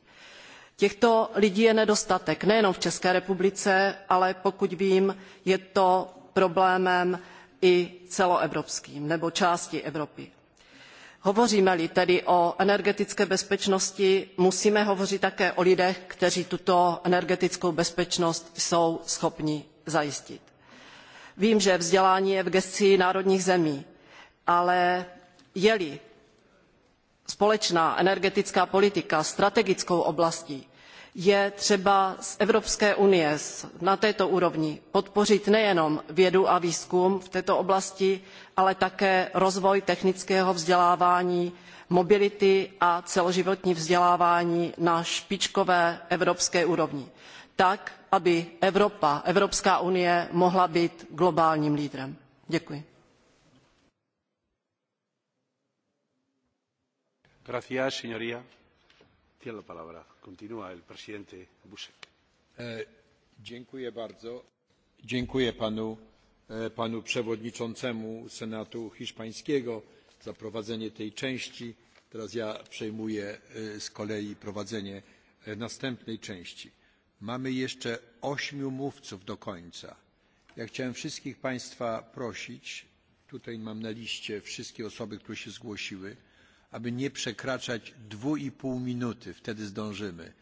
Těchto lidí je nedostatek nejenom v České republice, ale pokud vím, je to problémem i celoevropským nebo části Evropy. Hovoříme-li tedy o energetické bezpečnosti, musíme hovořit také o lidech, kteří tuto energetickou bezpečnost jsou schopni zajistit. Vím, že vzdělání je v gesci národních zemí, ale je-li společná energetická politika strategickou oblastí, je třeba z Evropské unie na této úrovni podpořit nejenom vědu a výzkum v této oblasti, ale také rozvoj technického vzdělávání, mobility a celoživotní vzdělávání na špičkové evropské úrovni, tak, aby Evropa, Evropská unie mohla být globálním lídrem. Děkuji. Gracias, señoría. Tiene la palabra. Continúa el presidente Busek. E, dziękuję bardzo. Dziękuję panu, e, panu przewodniczącemu Senatu Hiszpańskiego za prowadzenie tej części. Teraz ja przejmuję e, z kolei prowadzenie następnej części. Mamy jeszcze ośmiu mówców do końca. Ja chciałem wszystkich Państwa prosić, tutaj mam na liście wszystkie osoby, które się zgłosiły, aby nie przekraczać 2,5 minuty, wtedy zdążymy.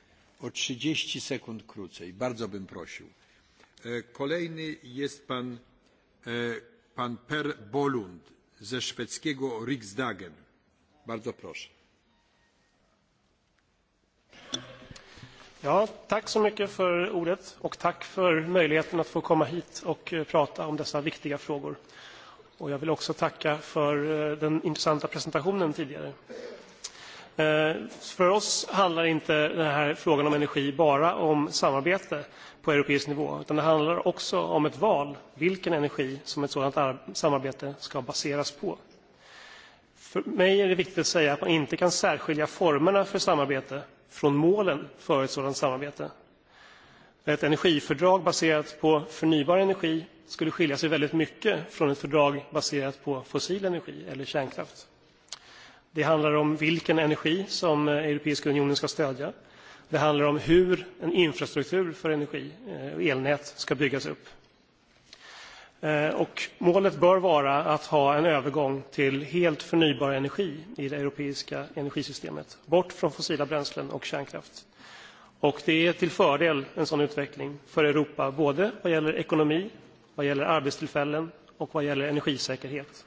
O 30 sekund krócej, bardzo bym prosił. E, kolejny jest pan, e, pan Per Bolund ze szwedzkiego Riksdagen. Bardzo proszę. Ja, tack så mycket för ordet och tack för möjligheten att få komma hit och eh, prata om dessa viktiga frågor. Och jag vill också tacka för eh, den intressanta presentationen tidigare. Eh, för oss handlar inte den här frågan om energi bara om samarbete på europeisk nivå, utan det handlar också om ett val, vilken energi som ett sådant samarbete ska baseras på. För mig är det viktigt att säga att man inte kan särskilja formerna för samarbete från målen för ett sådant samarbete. Ett energifördrag baserat på förnybar energi skulle skilja sig väldigt mycket från ett fördrag baserat på fossil energi eller kärnkraft. Det handlar om vilken energi som eh, Europeiska unionen ska stödja. Det handlar om hur en infrastruktur för energi eh, och elnät ska byggas upp. Eh, och målet bör vara att ha en övergång till helt förnybar energi i det europeiska energisystemet, bort från fossila bränslen och kärnkraft. Och det är till fördel en sådan utveckling för Europa, både vad gäller ekonomi vad gäller arbetstillfällen och vad gäller energisäkerhet.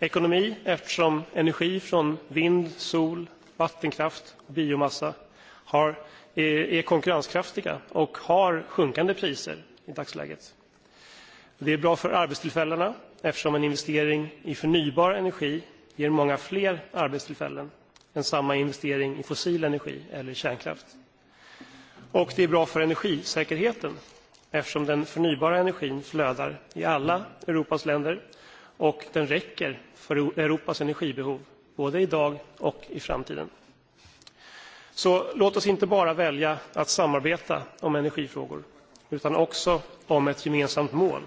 Ekonomi eftersom energi från vind, sol, vattenkraft och biomassa har, är, är konkurrenskraftiga och har sjunkande priser i dagsläget. Det är bra för arbetstillfällena eftersom en investering i förnybar energi ger många fler arbetstillfällen än samma investering i fossil energi eller kärnkraft. Och det är bra för energisäkerheten eftersom den förnybara energin flödar i alla Europas länder och den räcker för Europas energibehov både idag och i framtiden. Så låt oss inte bara välja att samarbeta om energifrågor utan också om ett gemensamt mål.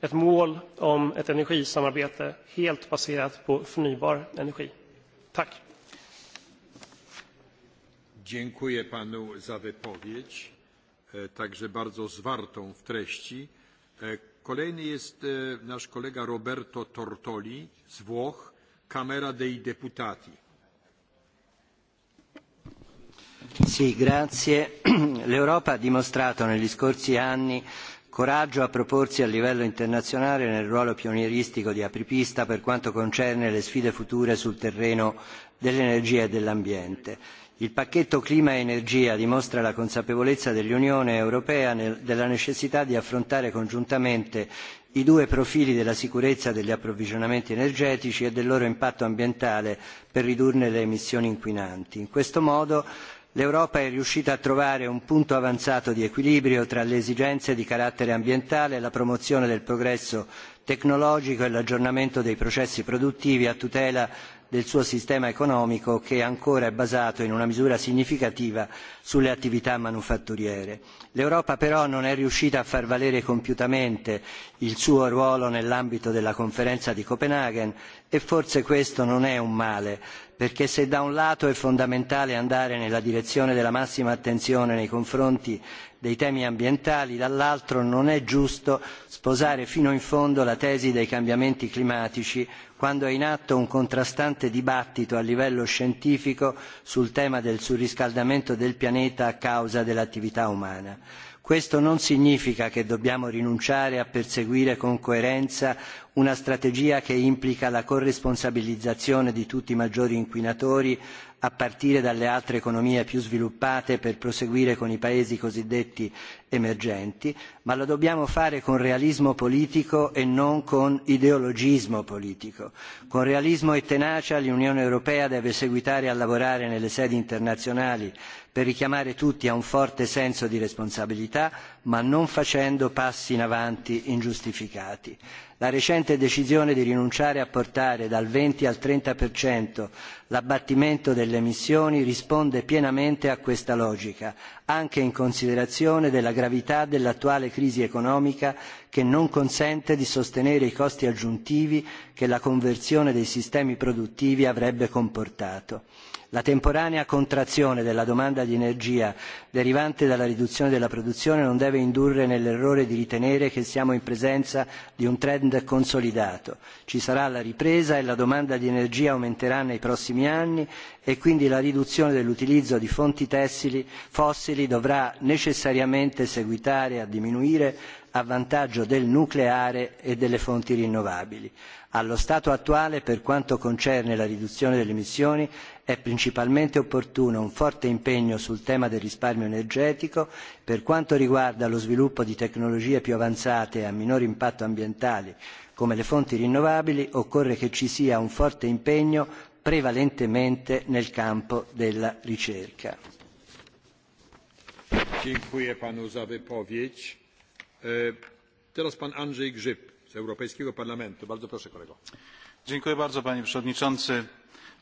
Ett mål om ett energisamarbete helt baserat på förnybar energi. Tack! Dziękuję panu za wypowiedź. E, także bardzo zwartą w treści. E, kolejny jest e, nasz kolega Roberto Tortoli z Włoch, Camera dei Deputati. Sì, grazie. L'Europa ha dimostrato negli scorsi anni coraggio a proporsi a livello internazionale nel ruolo pionieristico di apripista per quanto concerne le sfide future sul terreno dell'energia e dell'ambiente. Il pacchetto clima e energia dimostra la consapevolezza dell'Unione europea della necessità di affrontare congiuntamente i due profili della sicurezza degli approvvigionamenti energetici e del loro impatto ambientale per ridurne le emissioni inquinanti. In questo modo l'Europa è riuscita a trovare un punto avanzato di equilibrio tra le esigenze di carattere ambientale, la promozione del progresso tecnologico e l'aggiornamento dei processi produttivi a tutela del suo sistema economico che ancora è basato in una misura significativa sulle attività manufatturiere. L'Europa però non è riuscita a far valere compiutamente il suo ruolo nell'ambito della conferenza di Copenaghen e forse questo non è un male perché se da un lato è fondamentale andare nella direzione della massima attenzione nei confronti dei temi ambientali, dall'altro non è giusto sposare fino in fondo la tesi dei cambiamenti climatici quando è in atto un contrastante dibattito a livello scientifico sul tema del surriscaldamento del pianeta a causa dell'attività umana. Questo non significa che dobbiamo rinunciare a perseguire con coerenza una strategia che implica la corresponsabilizzazione di tutti i maggiori inquinatori a partire dalle altre economie più sviluppate per proseguire con i paesi cosiddetti emergenti, ma lo dobbiamo fare con realismo politico e non con ideologismo politico. Con realismo e tenacia l'Unione Europea deve seguitare a lavorare nelle sedi internazionali per richiamare tutti a un forte senso di responsabilità, ma non facendo passi in avanti ingiustificati. La recente decisione di rinunciare a portare dal venti al trenta l'abbattimento delle emissioni risponde pienamente a questa logica, anche in considerazione della gravità dell'attuale crisi economica che non consente di sostenere i costi aggiuntivi che la conversione dei sistemi produttivi avrebbe comportato. La temporanea contrazione della domanda di energia derivante dalla riduzione della produzione non deve indurre nell'errore di ritenere che siamo in presenza di un trend consolidato. Ci sarà la ripresa e la domanda di energia aumenterà nei prossimi anni e quindi la riduzione dell'utilizzo di fonti tessili fossili dovrà necessariamente seguitare a diminuire a vantaggio del nucleare e delle fonti rinnovabili. Allo stato attuale, per quanto concerne la riduzione delle emissioni, È principalmente opportuno un forte impegno sul tema del risparmio energetico per quanto riguarda lo sviluppo di tecnologie più avanzate e a minore impatto ambientale come le fonti rinnovabili, occorre che ci sia un forte impegno prevalentemente nel campo della ricerca. Dziękuję panu za wypowiedź. E, teraz pan Andrzej Grzyb z Europejskiego Parlamentu. Bardzo proszę kolego. Dziękuję bardzo panie przewodniczący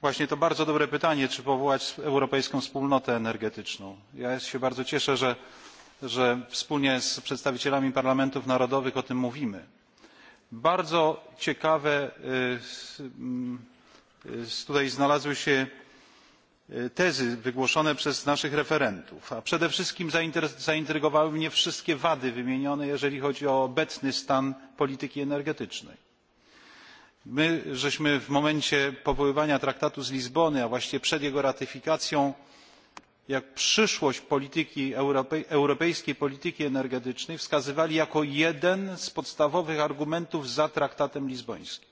Właśnie to bardzo dobre pytanie, czy powołać Europejską Wspólnotę Energetyczną. Ja się bardzo cieszę, że, że wspólnie z przedstawicielami parlamentów narodowych o tym mówimy. Bardzo ciekawe tutaj znalazły się tezy wygłoszone przez naszych referentów, a przede wszystkim zaintrygowały mnie wszystkie wady wymienione, jeżeli chodzi o obecny stan polityki energetycznej my żeśmy w momencie powoływania traktatu z lizbony a właściwie przed jego ratyfikacją jak przyszłość polityki europejskiej polityki energetycznej wskazywali jako jeden z podstawowych argumentów za traktatem lizbońskim.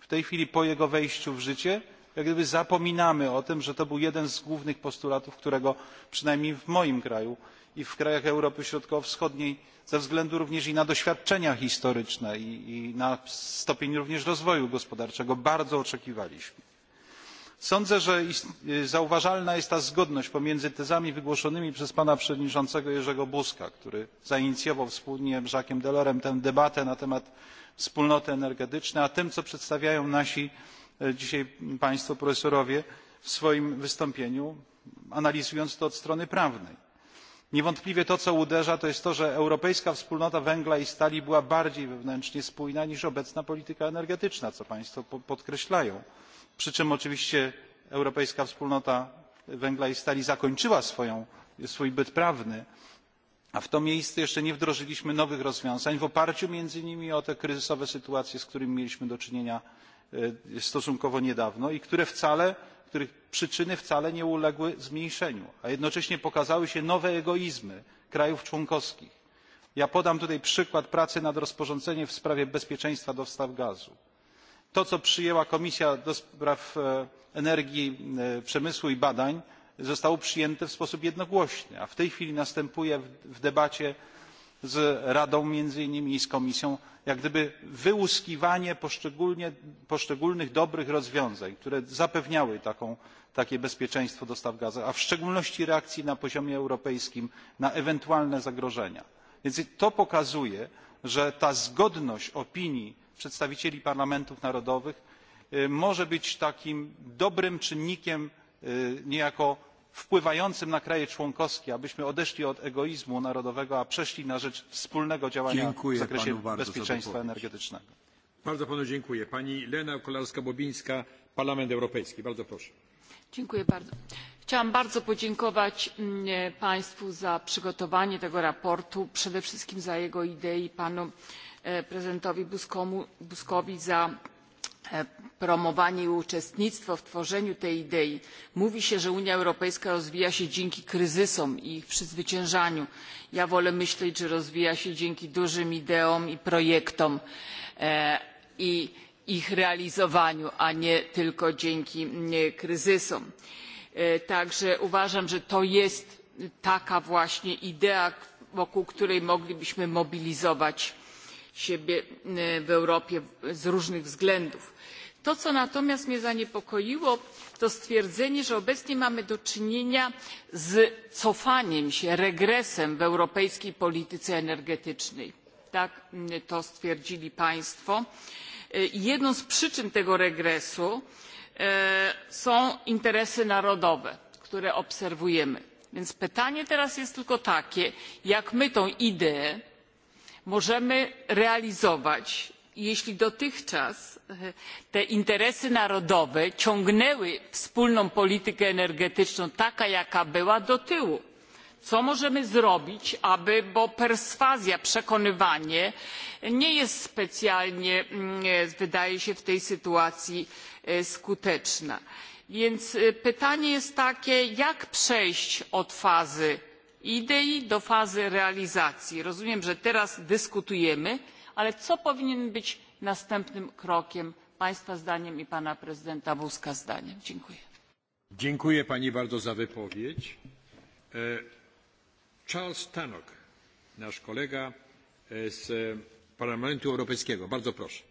w tej chwili po jego wejściu w życie jak gdyby zapominamy o tym że to był jeden z głównych postulatów którego przynajmniej w moim kraju i w krajach Europy Środkowo-Wschodniej ze względu również i na doświadczenia historyczne i, na stopień również rozwoju gospodarczego bardzo oczekiwaliśmy. Sądzę, że zauważalna jest ta zgodność pomiędzy tezami wygłoszonymi przez pana przewodniczącego Jerzego Buzka, który zainicjował wspólnie z Jacquesem Delorem tę debatę na temat wspólnoty energetycznej, a tym, co przedstawiają nasi dzisiaj państwo profesorowie w swoim wystąpieniu, analizując to od strony prawnej niewątpliwie to co uderza to jest to że europejska wspólnota węgla i stali była bardziej wewnętrznie spójna niż obecna polityka energetyczna co państwo podkreślają przy czym oczywiście europejska wspólnota węgla i stali zakończyła swój byt prawny a w to miejsce jeszcze nie wdrożyliśmy nowych rozwiązań w oparciu między innymi o te kryzysowe sytuacje z którymi mieliśmy do czynienia e, stosunkowo niedawno i które wcale których przyczyny wcale nie uległy zmniejszeniu a jednocześnie pokazały się nowe egoizmy krajów członkowskich. ja podam tutaj przykład pracy nad rozporządzeniem w sprawie bezpieczeństwa dostaw gazu. to co przyjęła komisja do spraw e, energii e, przemysłu i badań zostało przyjęte w sposób jednogłośny a w tej chwili następuje w debacie z Radą między innymi i z Komisją, jak gdyby wyłuskiwanie poszczególnych dobrych rozwiązań, które zapewniały taką, takie bezpieczeństwo dostaw gazu, a w szczególności reakcji na poziomie europejskim na ewentualne zagrożenia. Więc to pokazuje, że ta zgodność opinii przedstawicieli parlamentów narodowych może być takim dobrym czynnikiem niejako wpływającym na kraje członkowskie abyśmy odeszli od egoizmu narodowego a przeszli na rzecz wspólnego działania w zakresie bezpieczeństwa energetycznego. Bardzo panu dziękuję. Pani Lena Kolarska-Bobińska, Parlament Europejski. Bardzo proszę. Dziękuję bardzo. Chciałam bardzo podziękować mm, e, Państwu za przygotowanie tego sprawozdania, przede wszystkim za jego idei, panu e, prezydentowi Buzkowi za E, promowanie i uczestnictwo w tworzeniu tej idei. Mówi się, że Unia Europejska rozwija się dzięki kryzysom i ich przezwyciężaniu. Ja wolę myśleć, że rozwija się dzięki dużym ideom i projektom e, i ich realizowaniu, a nie tylko dzięki mm, kryzysom. E, także uważam, że to jest taka właśnie idea, wokół której moglibyśmy mobilizować siebie mm, w Europie z różnych względów. To, co natomiast mnie zaniepokoiło, to stwierdzenie, że obecnie mamy do czynienia z cofaniem się, regresem w europejskiej polityce energetycznej. Tak mm, to stwierdzili państwo. E, jedną z przyczyn tego regresu e, są interesy narodowe, które obserwujemy. Więc pytanie teraz jest tylko takie, jak my tę ideę możemy realizować jeśli dotychczas e, te interesy narodowe ciągnęły wspólną politykę energetyczną taka jaka była do tyłu co możemy zrobić aby bo perswazja przekonywanie nie jest specjalnie mm, wydaje się w tej sytuacji e, skuteczna więc e, pytanie jest takie jak przejść od fazy idei do fazy realizacji rozumiem że teraz dyskutujemy ale co powinien być następnym krokiem państwa zdaniem i pana prezydenta buzka zdaniem? dziękuję. dziękuję pani bardzo za wypowiedź. E, charles tannock nasz kolega e, z parlamentu europejskiego bardzo proszę.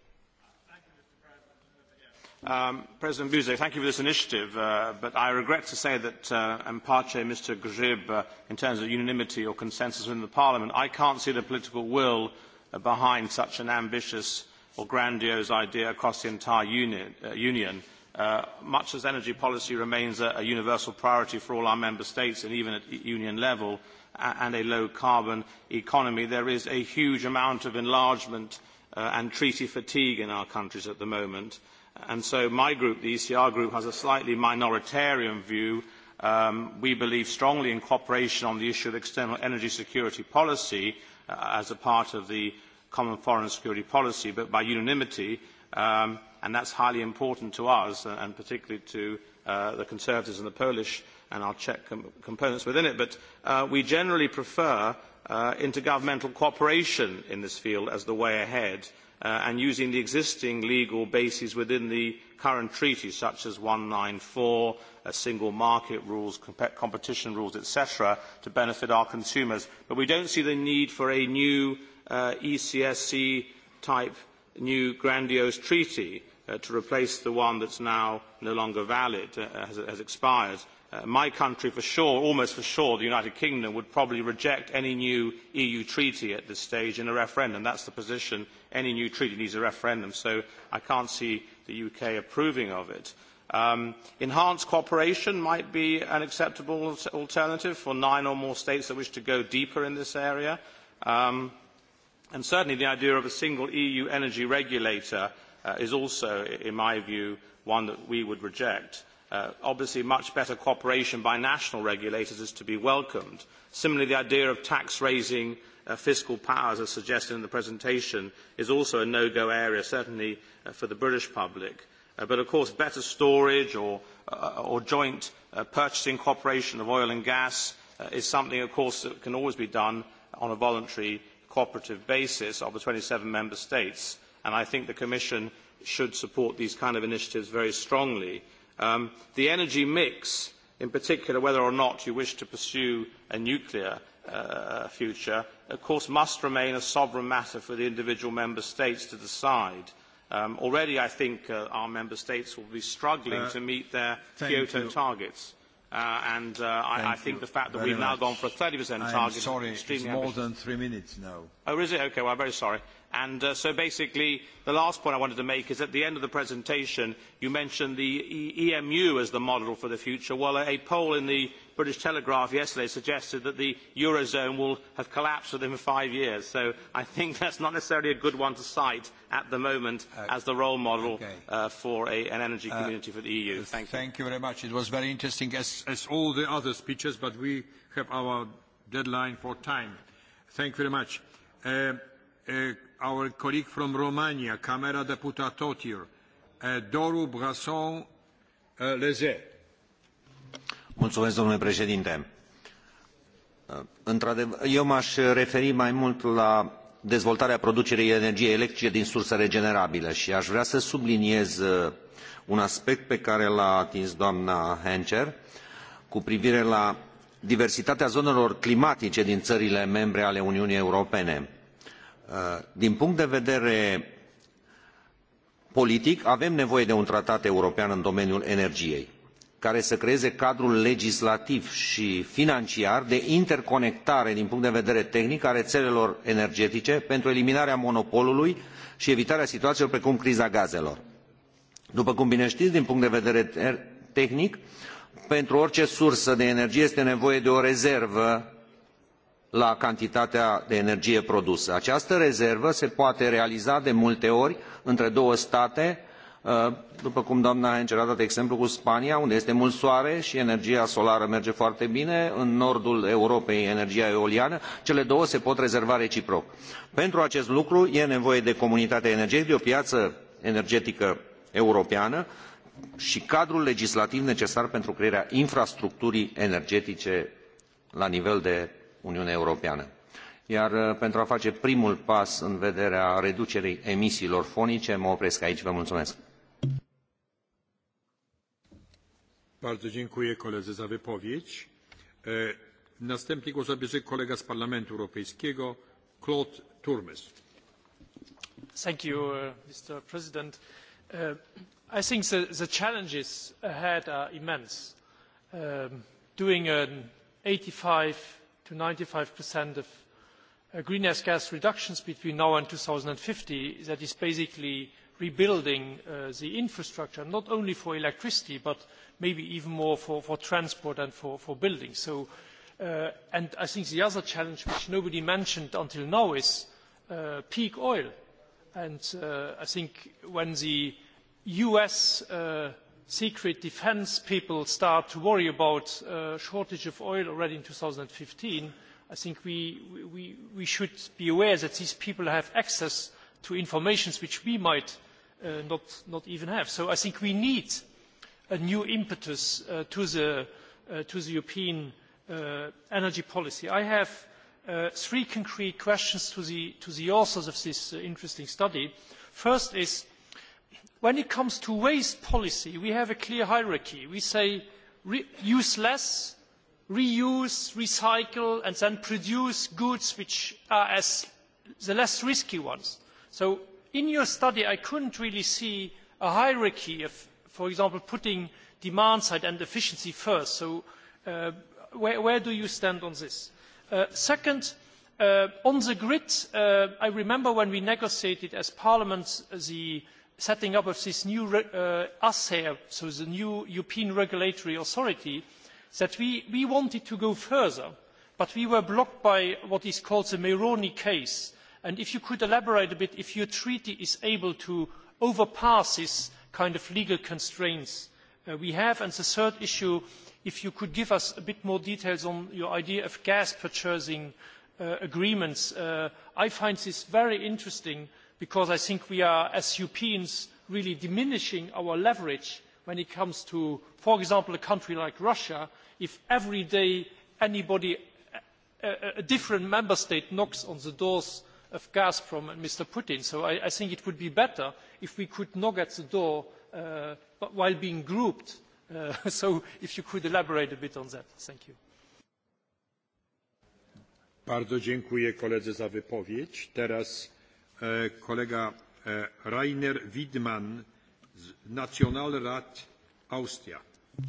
Um, President Buzek, thank you for this initiative, uh, but I regret to say that uh, and parte Mr. Grzyb, uh, in terms of unanimity or consensus in the Parliament, I can't see the political will Uh, behind such an ambitious or grandiose idea across the entire uh, union, uh, much as energy policy remains a, a universal priority for all our member states and even at e-, union level and a low carbon economy, there is a huge amount of enlargement uh, and treaty fatigue in our countries at the moment. And so my group, the ECR group, has a slightly minoritarian view. Um, we believe strongly in cooperation on the issue of external energy security policy, as a part of the common foreign and security policy, but by unanimity, um, and that's highly important to us, uh, and particularly to uh, the Conservatives and the Polish and our Czech com components within it. But uh, we generally prefer uh, intergovernmental cooperation in this field as the way ahead uh, and using the existing legal bases within the current treaties such as one hundred and ninety four single market rules competition rules etc to benefit our consumers but we do not see the need for a new uh, ecsc type new grandiose treaty uh, to replace the one that is now no longer valid uh, has, has expired Uh, my country for sure almost for sure the united kingdom would probably reject any new eu treaty at this stage in a referendum that is the position any new treaty needs a referendum so i cannot see the uk approving of it. Um, enhanced cooperation might be an acceptable alternative for nine or more states that wish to go deeper in this area um, and certainly the idea of a single eu energy regulator uh, is also in my view one that we would reject. Uh, obviously, much better cooperation by national regulators is to be welcomed. Similarly, the idea of tax raising uh, fiscal powers, as suggested in the presentation, is also a no-go area, certainly uh, for the British public. Uh, but, of course, better storage or, uh, or joint purchasing cooperation of oil and gas is something, of course, that can always be done on a voluntary cooperative basis of the twenty seven member states. And I think the Commission should support these kind of initiatives very strongly. Um, the energy mix, in particular whether or not you wish to pursue a nuclear uh, future, of course must remain a sovereign matter for the individual member states to decide. Um, already I think uh, our member states will be struggling uh, to meet their Kyoto you. targets. Uh, and uh, I, I think the fact that we've much. now gone for a 30% target sorry, is extremely it's more ambitious. than three minutes now. Oh, is it? Okay, well, I'm very sorry. And uh, so basically, the last point I wanted to make is at the end of the presentation, you mentioned the e EMU as the model for the future. Well, a poll in the British Telegraph yesterday suggested that the Eurozone will have collapsed within five years. So I think that's not necessarily a good one to cite at the moment uh, as the role model okay. uh, for a, an energy uh, community uh, for the EU. Thank, uh, thank you. you very much. It was very interesting, as, as all the other speeches, but we have our deadline for time. Thank you very much. Uh, uh, our colleague from Romania, Camera Deputatotir, uh, eh, Doru Brasson uh, eh, Leze. Mulțumesc, domnule președinte. Eh, eu m-aș referi mai mult la dezvoltarea producerii energiei electrice din surse regenerabile și aș vrea să subliniez un aspect pe care l-a atins doamna Hencher cu privire la diversitatea zonelor climatice din țările membre ale Uniunii Europene Eh, din punct de vedere politic, avem nevoie de un tratat european în domeniul energiei, care să creeze cadrul legislativ și financiar de interconectare din punct de vedere tehnic a rețelelor energetice pentru eliminarea monopolului și evitarea situațiilor precum criza gazelor. După cum bine știți, din punct de vedere tehnic, pentru orice sursă de energie este nevoie de o rezervă la cantitatea de energie produsă. Această rezervă se poate realiza de multe ori între două state, uh, după cum doamna Henger a dat exemplu cu Spania, unde este mult soare și energia solară merge foarte bine, în nordul Europei energia eoliană, cele două se pot rezerva reciproc. Pentru acest lucru e nevoie de comunitatea energetică, de o piață energetică europeană și cadrul legislativ necesar pentru crearea infrastructurii energetice la nivel de Uniunea Europeană. Iar uh, pentru a face primul pas în vederea reducerii emisiilor fonice, mă opresc aici. Vă mulțumesc. Bardzo dziękuję koledze za wypowiedź. E, następnie głos zabierze kolega z Parlamentu Europejskiego, Claude Turmes. Thank you, uh, Mr. President. Uh, I think the, the challenges ahead are immense. Um, doing an 85 to 95% of uh, greenhouse gas reductions between now and 2050, that is basically rebuilding uh, the infrastructure, not only for electricity, but maybe even more for, for transport and for, for buildings. So, uh, and I think the other challenge, which nobody mentioned until now, is uh, peak oil. And uh, I think when the US uh, secret defence people start to worry about a uh, shortage of oil already in 2015, I think we, we, we should be aware that these people have access to information which we might uh, not, not even have. So I think we need a new impetus uh, to, the, uh, to the European uh, energy policy. I have uh, three concrete questions to the, to the authors of this uh, interesting study. First is, when it comes to waste policy, we have a clear hierarchy. We say re use less, reuse, recycle, and then produce goods which are as the less risky ones. So in your study, I couldn't really see a hierarchy of, for example, putting demand side and efficiency first. So uh, where, where do you stand on this? Uh, second, uh, on the grid, uh, I remember when we negotiated as Parliament the uh, setting up of this new uh, so the new European Regulatory Authority, that we, we wanted to go further, but we were blocked by what is called the Meroni case. And if you could elaborate a bit, if your treaty is able to overpass this kind of legal constraints uh, we have. And the third issue, if you could give us a bit more details on your idea of gas purchasing uh, agreements. Uh, I find this very interesting because I think we are, as Europeans, really diminishing our leverage when it comes to, for example, a country like Russia, if every day anybody, a, a different member state knocks on the doors of Gazprom and Mr. Putin. So I, I think it would be better if we could knock at the door uh, but while being grouped. Uh, so if you could elaborate a bit on that. Thank you. Bardzo dziękuję koledze za wypowiedź. Teraz E, kolega e, Rainer Wiedmann, Nationalrat Austria.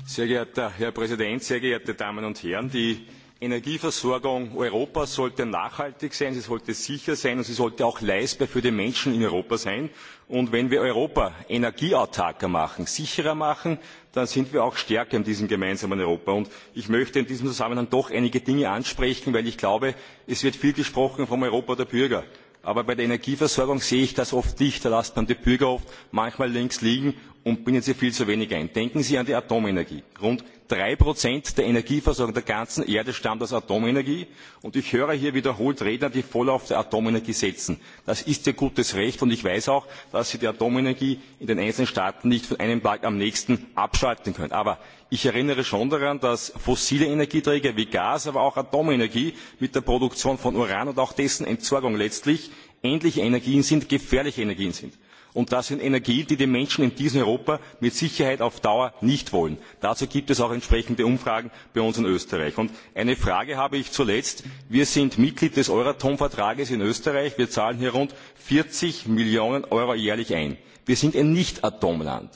Sehr geehrter Herr Präsident, sehr geehrte Damen und Herren! Die Energieversorgung Europas sollte nachhaltig sein, sie sollte sicher sein und sie sollte auch leistbar für die Menschen in Europa sein. Und wenn wir Europa energieautarker machen, sicherer machen, dann sind wir auch stärker in diesem gemeinsamen Europa. Und ich möchte in diesem Zusammenhang doch einige Dinge ansprechen, weil ich glaube, es wird viel gesprochen vom Europa der Bürger. Aber bei der Energieversorgung sehe ich das oft nicht. Da lässt man die Bürger oft manchmal links liegen und binden sie viel zu wenig ein. Denken Sie an die Atomenergie. Rund drei Prozent der Energieversorgung der ganzen Erde stammt aus Atomenergie. Und ich höre hier wiederholt Redner, die voll auf die Atomenergie setzen. Das ist ihr gutes Recht. Und ich weiß auch, dass Sie die Atomenergie in den einzelnen Staaten nicht von einem Tag am nächsten abschalten können. Aber ich erinnere schon daran, dass fossile Energieträger wie Gas, aber auch Atomenergie mit der Produktion von Uran und auch dessen Entsorgung letztlich endliche Energien sind, gefährliche Energien sind. Und das sind Energien, die die Menschen in diesem Europa mit Sicherheit auf Dauer nicht wollen. Dazu gibt es auch entsprechende Umfragen bei uns in Österreich. Und eine Frage habe ich zuletzt. Wir sind Mitglied des Euratom-Vertrages in Österreich. Wir zahlen hier rund 40 Millionen Euro jährlich ein. Wir sind ein Nicht-Atomland.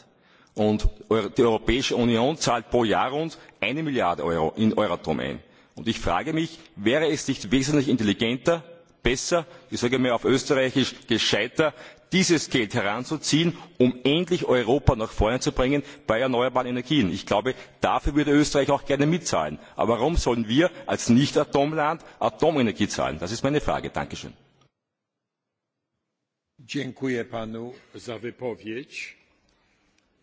Und die Europäische Union zahlt pro Jahr rund eine Milliarde Euro in Euratom ein. Und ich frage mich, wäre es nicht wesentlich intelligenter, besser, ich sage mir auf Österreichisch, gescheiter, dieses Geld heranzuziehen, um endlich Europa nach vorne zu bringen bei erneuerbaren Energien. Ich glaube, dafür würde Österreich auch gerne mitzahlen. Aber warum sollen wir als Nicht-Atomland Atomenergie zahlen? Das ist meine Frage. Dankeschön. Dziękuję panu za wypowiedź.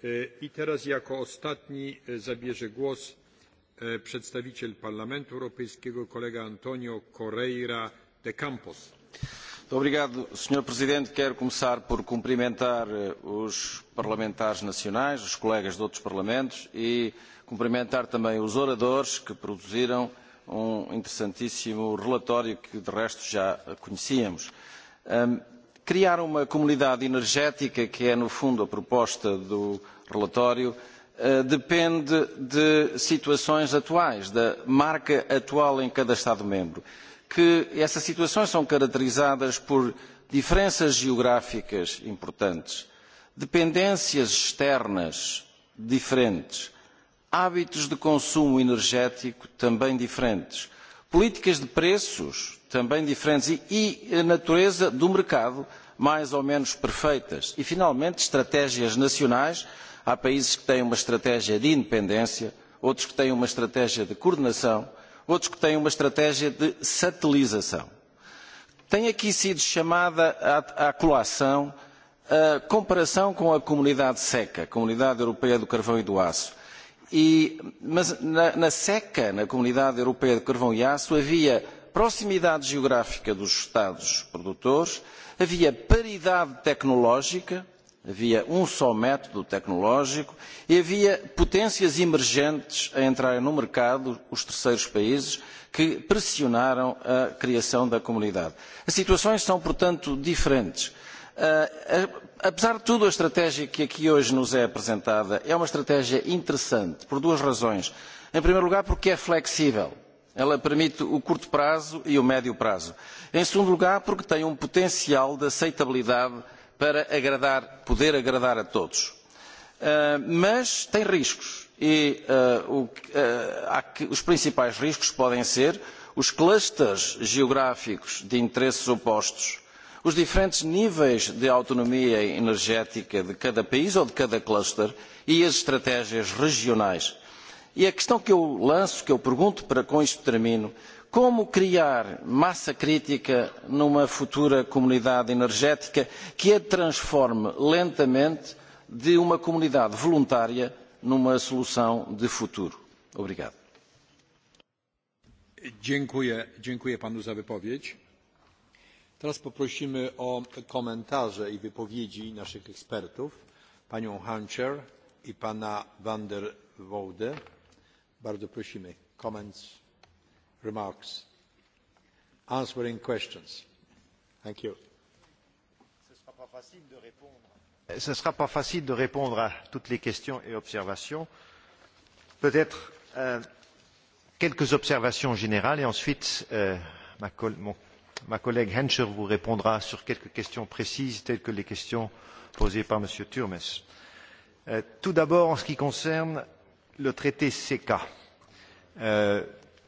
E, I teraz jako ostatni e, zabierze głos e, przedstawiciel Parlamentu Europejskiego, kolega Antonio Correira de Campos. Obrigado, Sr. Presidente. Quero começar por cumprimentar eh, os parlamentares nacionais, os colegas de outros parlamentos e cumprimentar também os oradores que produziram um interessantíssimo relatório que, de resto, já conhecíamos. criar uma comunidade energética, que é, no fundo, a proposta do relatório, eh, depende de situações atuais, da marca atual em cada Estado-membro que essas situações são caracterizadas por diferenças geográficas importantes, dependências externas diferentes, hábitos de consumo energético também diferentes, políticas de preços também diferentes e, e a natureza do mercado mais ou menos perfeitas. E, finalmente, estratégias nacionais. Há países que têm uma estratégia de independência, outros que têm uma estratégia de coordenação outros que têm uma estratégia de satelização. Tem aqui sido chamada à, à colação a comparação com a comunidade seca, a Comunidade Europeia do Carvão e do Aço. E, mas na, na seca, na Comunidade Europeia do Carvão e Aço, havia proximidade geográfica dos Estados produtores, havia paridade tecnológica, havia um só método tecnológico e havia potências emergentes a entrarem no mercado, os terceiros países, que pressionaram a criação da comunidade. As situações são, portanto, diferentes. Ah, apesar de tudo, a estratégia que aqui hoje nos é apresentada é uma estratégia interessante por duas razões. Em primeiro lugar, porque é flexível. Ela permite o curto prazo e o médio prazo. Em segundo lugar, porque tem um potencial de aceitabilidade para agradar, poder agradar a todos. Uh, mas tem riscos e uh, o, uh, os principais riscos podem ser os clusters geográficos de interesses opostos, os diferentes níveis de autonomia energética de cada país ou de cada cluster e as estratégias regionais. E a questão que eu lanço, que eu pergunto, para com isto termino, como criar massa crítica numa futura comunidade energética que a transforme lentamente de uma comunidade voluntária numa solução de futuro. Obrigado. Dziękuję, dziękuję panu za wypowiedź. Teraz poprosimy o komentarze i wypowiedzi naszych ekspertów, panią Huncher i pana van der Woude. Bardzo prosimy. Comments remarks, answering questions. Thank you. Ce ne sera pas facile de répondre à toutes les questions et observations. Peut-être euh, quelques observations générales et ensuite euh, ma, coll mon, ma collègue Henscher vous répondra sur quelques questions précises telles que les questions posées par M. Turmes. Euh, tout d'abord, en ce qui concerne le traité CECA, euh,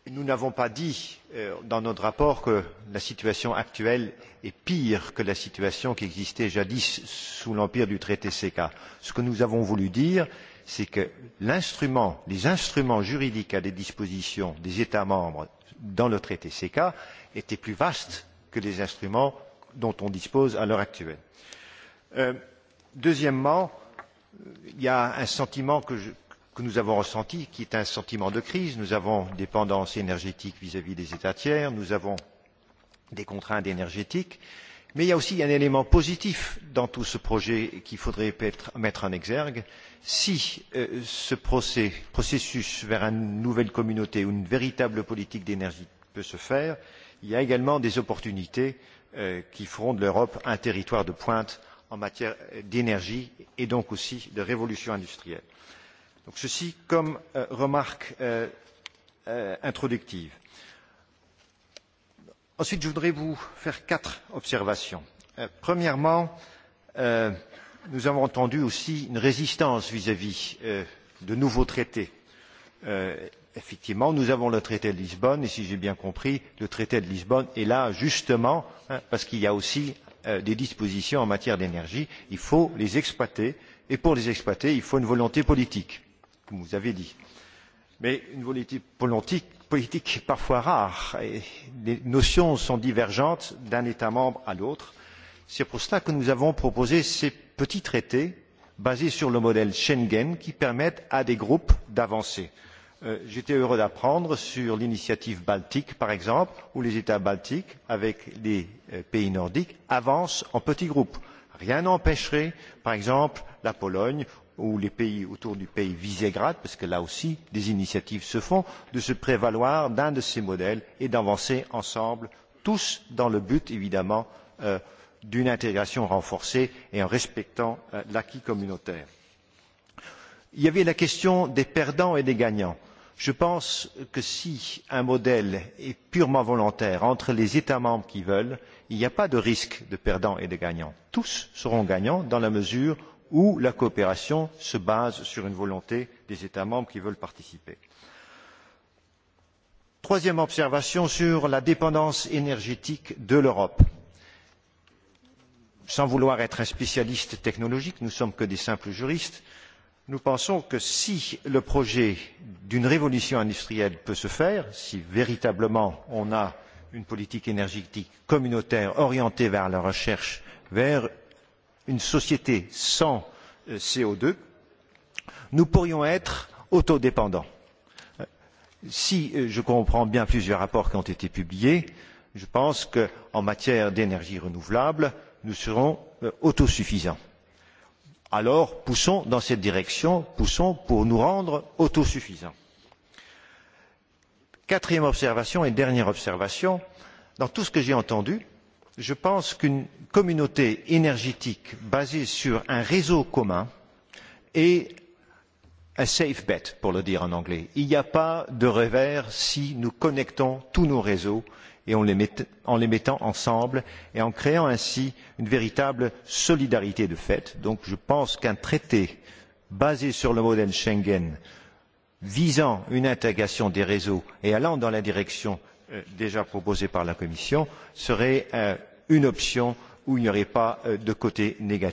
Nous n'avons pas dit euh, dans notre rapport que la situation actuelle est pire que la situation qui existait jadis sous l'empire du traité CECA. Ce que nous avons voulu dire, c'est que l'instrument, les instruments juridiques à des dispositions des États membres dans le traité CECA étaient plus vastes que les instruments dont on dispose à l'heure actuelle. Euh, deuxièmement, il y a un sentiment que je, que nous avons ressenti, qui est un sentiment de crise. Nous avons une dépendance énergétique vis-à-vis -vis des États tiers, nous avons des contraintes énergétiques, mais il y a aussi un élément positif dans tout ce projet qu'il faudrait mettre en exergue. Si euh, ce procès, processus vers une nouvelle communauté ou une véritable politique d'énergie peut se faire, il y a également des opportunités euh, qui feront de l'Europe un territoire de pointe en matière d'énergie et donc aussi de révolution industrielle. Donc ceci comme euh, remarque euh, euh, introductive. Ensuite, je voudrais vous faire quatre observations. Euh, premièrement, euh, nous avons entendu aussi une résistance vis-à-vis -vis, euh, de nouveaux traités. Euh, effectivement, nous avons le traité de Lisbonne, et si j'ai bien compris, le traité de Lisbonne est là justement hein, parce qu'il y a aussi euh, des dispositions en matière d'énergie. Il faut les exploiter, et pour les exploiter, il faut une volonté politique comme vous avez dit. Mais une volonté politique, politique parfois rare. Et les notions sont divergentes d'un État membre à l'autre. C'est pour cela que nous avons proposé ces petits traités basés sur le modèle Schengen qui permettent à des groupes d'avancer. Euh, J'étais heureux d'apprendre sur l'initiative baltique, par exemple, où les États baltiques, avec les euh, pays nordiques, avancent en petits groupes. Rien n'empêcherait, par exemple, la Pologne ou les pays autour du pays Visegrad, parce que là aussi des initiatives se font, de se prévaloir d'un de ces modèles et d'avancer ensemble, tous dans le but évidemment euh, d'une intégration renforcée et en respectant euh, l'acquis communautaire. Il y avait la question des perdants et des gagnants. Je pense que si un modèle est purement volontaire entre les États membres qui veulent, il n'y a pas de risque de perdants et de gagnants. Tous seront gagnants dans la mesure où où la coopération se base sur une volonté des États membres qui veulent participer. Troisième observation sur la dépendance énergétique de l'Europe. Sans vouloir être un spécialiste technologique, nous ne sommes que des simples juristes, nous pensons que si le projet d'une révolution industrielle peut se faire, si véritablement on a une politique énergétique communautaire orientée vers la recherche, vers une société sans euh, co deux, nous pourrions être autodépendants. Euh, si euh, je comprends bien plusieurs rapports qui ont été publiés, je pense qu'en matière d'énergie renouvelable, nous serons autosuffisants. Alors, poussons dans cette direction, poussons pour nous rendre autosuffisants. Quatrième observation et dernière observation, dans tout ce que j'ai entendu, je pense qu'une communauté énergétique basée sur un réseau commun est un safe bet, pour le dire en anglais. Il n'y a pas de revers si nous connectons tous nos réseaux et on les met, en les mettant ensemble et en créant ainsi une véritable solidarité de fait. Donc je pense qu'un traité basé sur le modèle Schengen visant une intégration des réseaux et allant dans la direction Euh, déjà proposé par la Commission serait euh, une option où il n'y aurait pas euh, de côté négatif.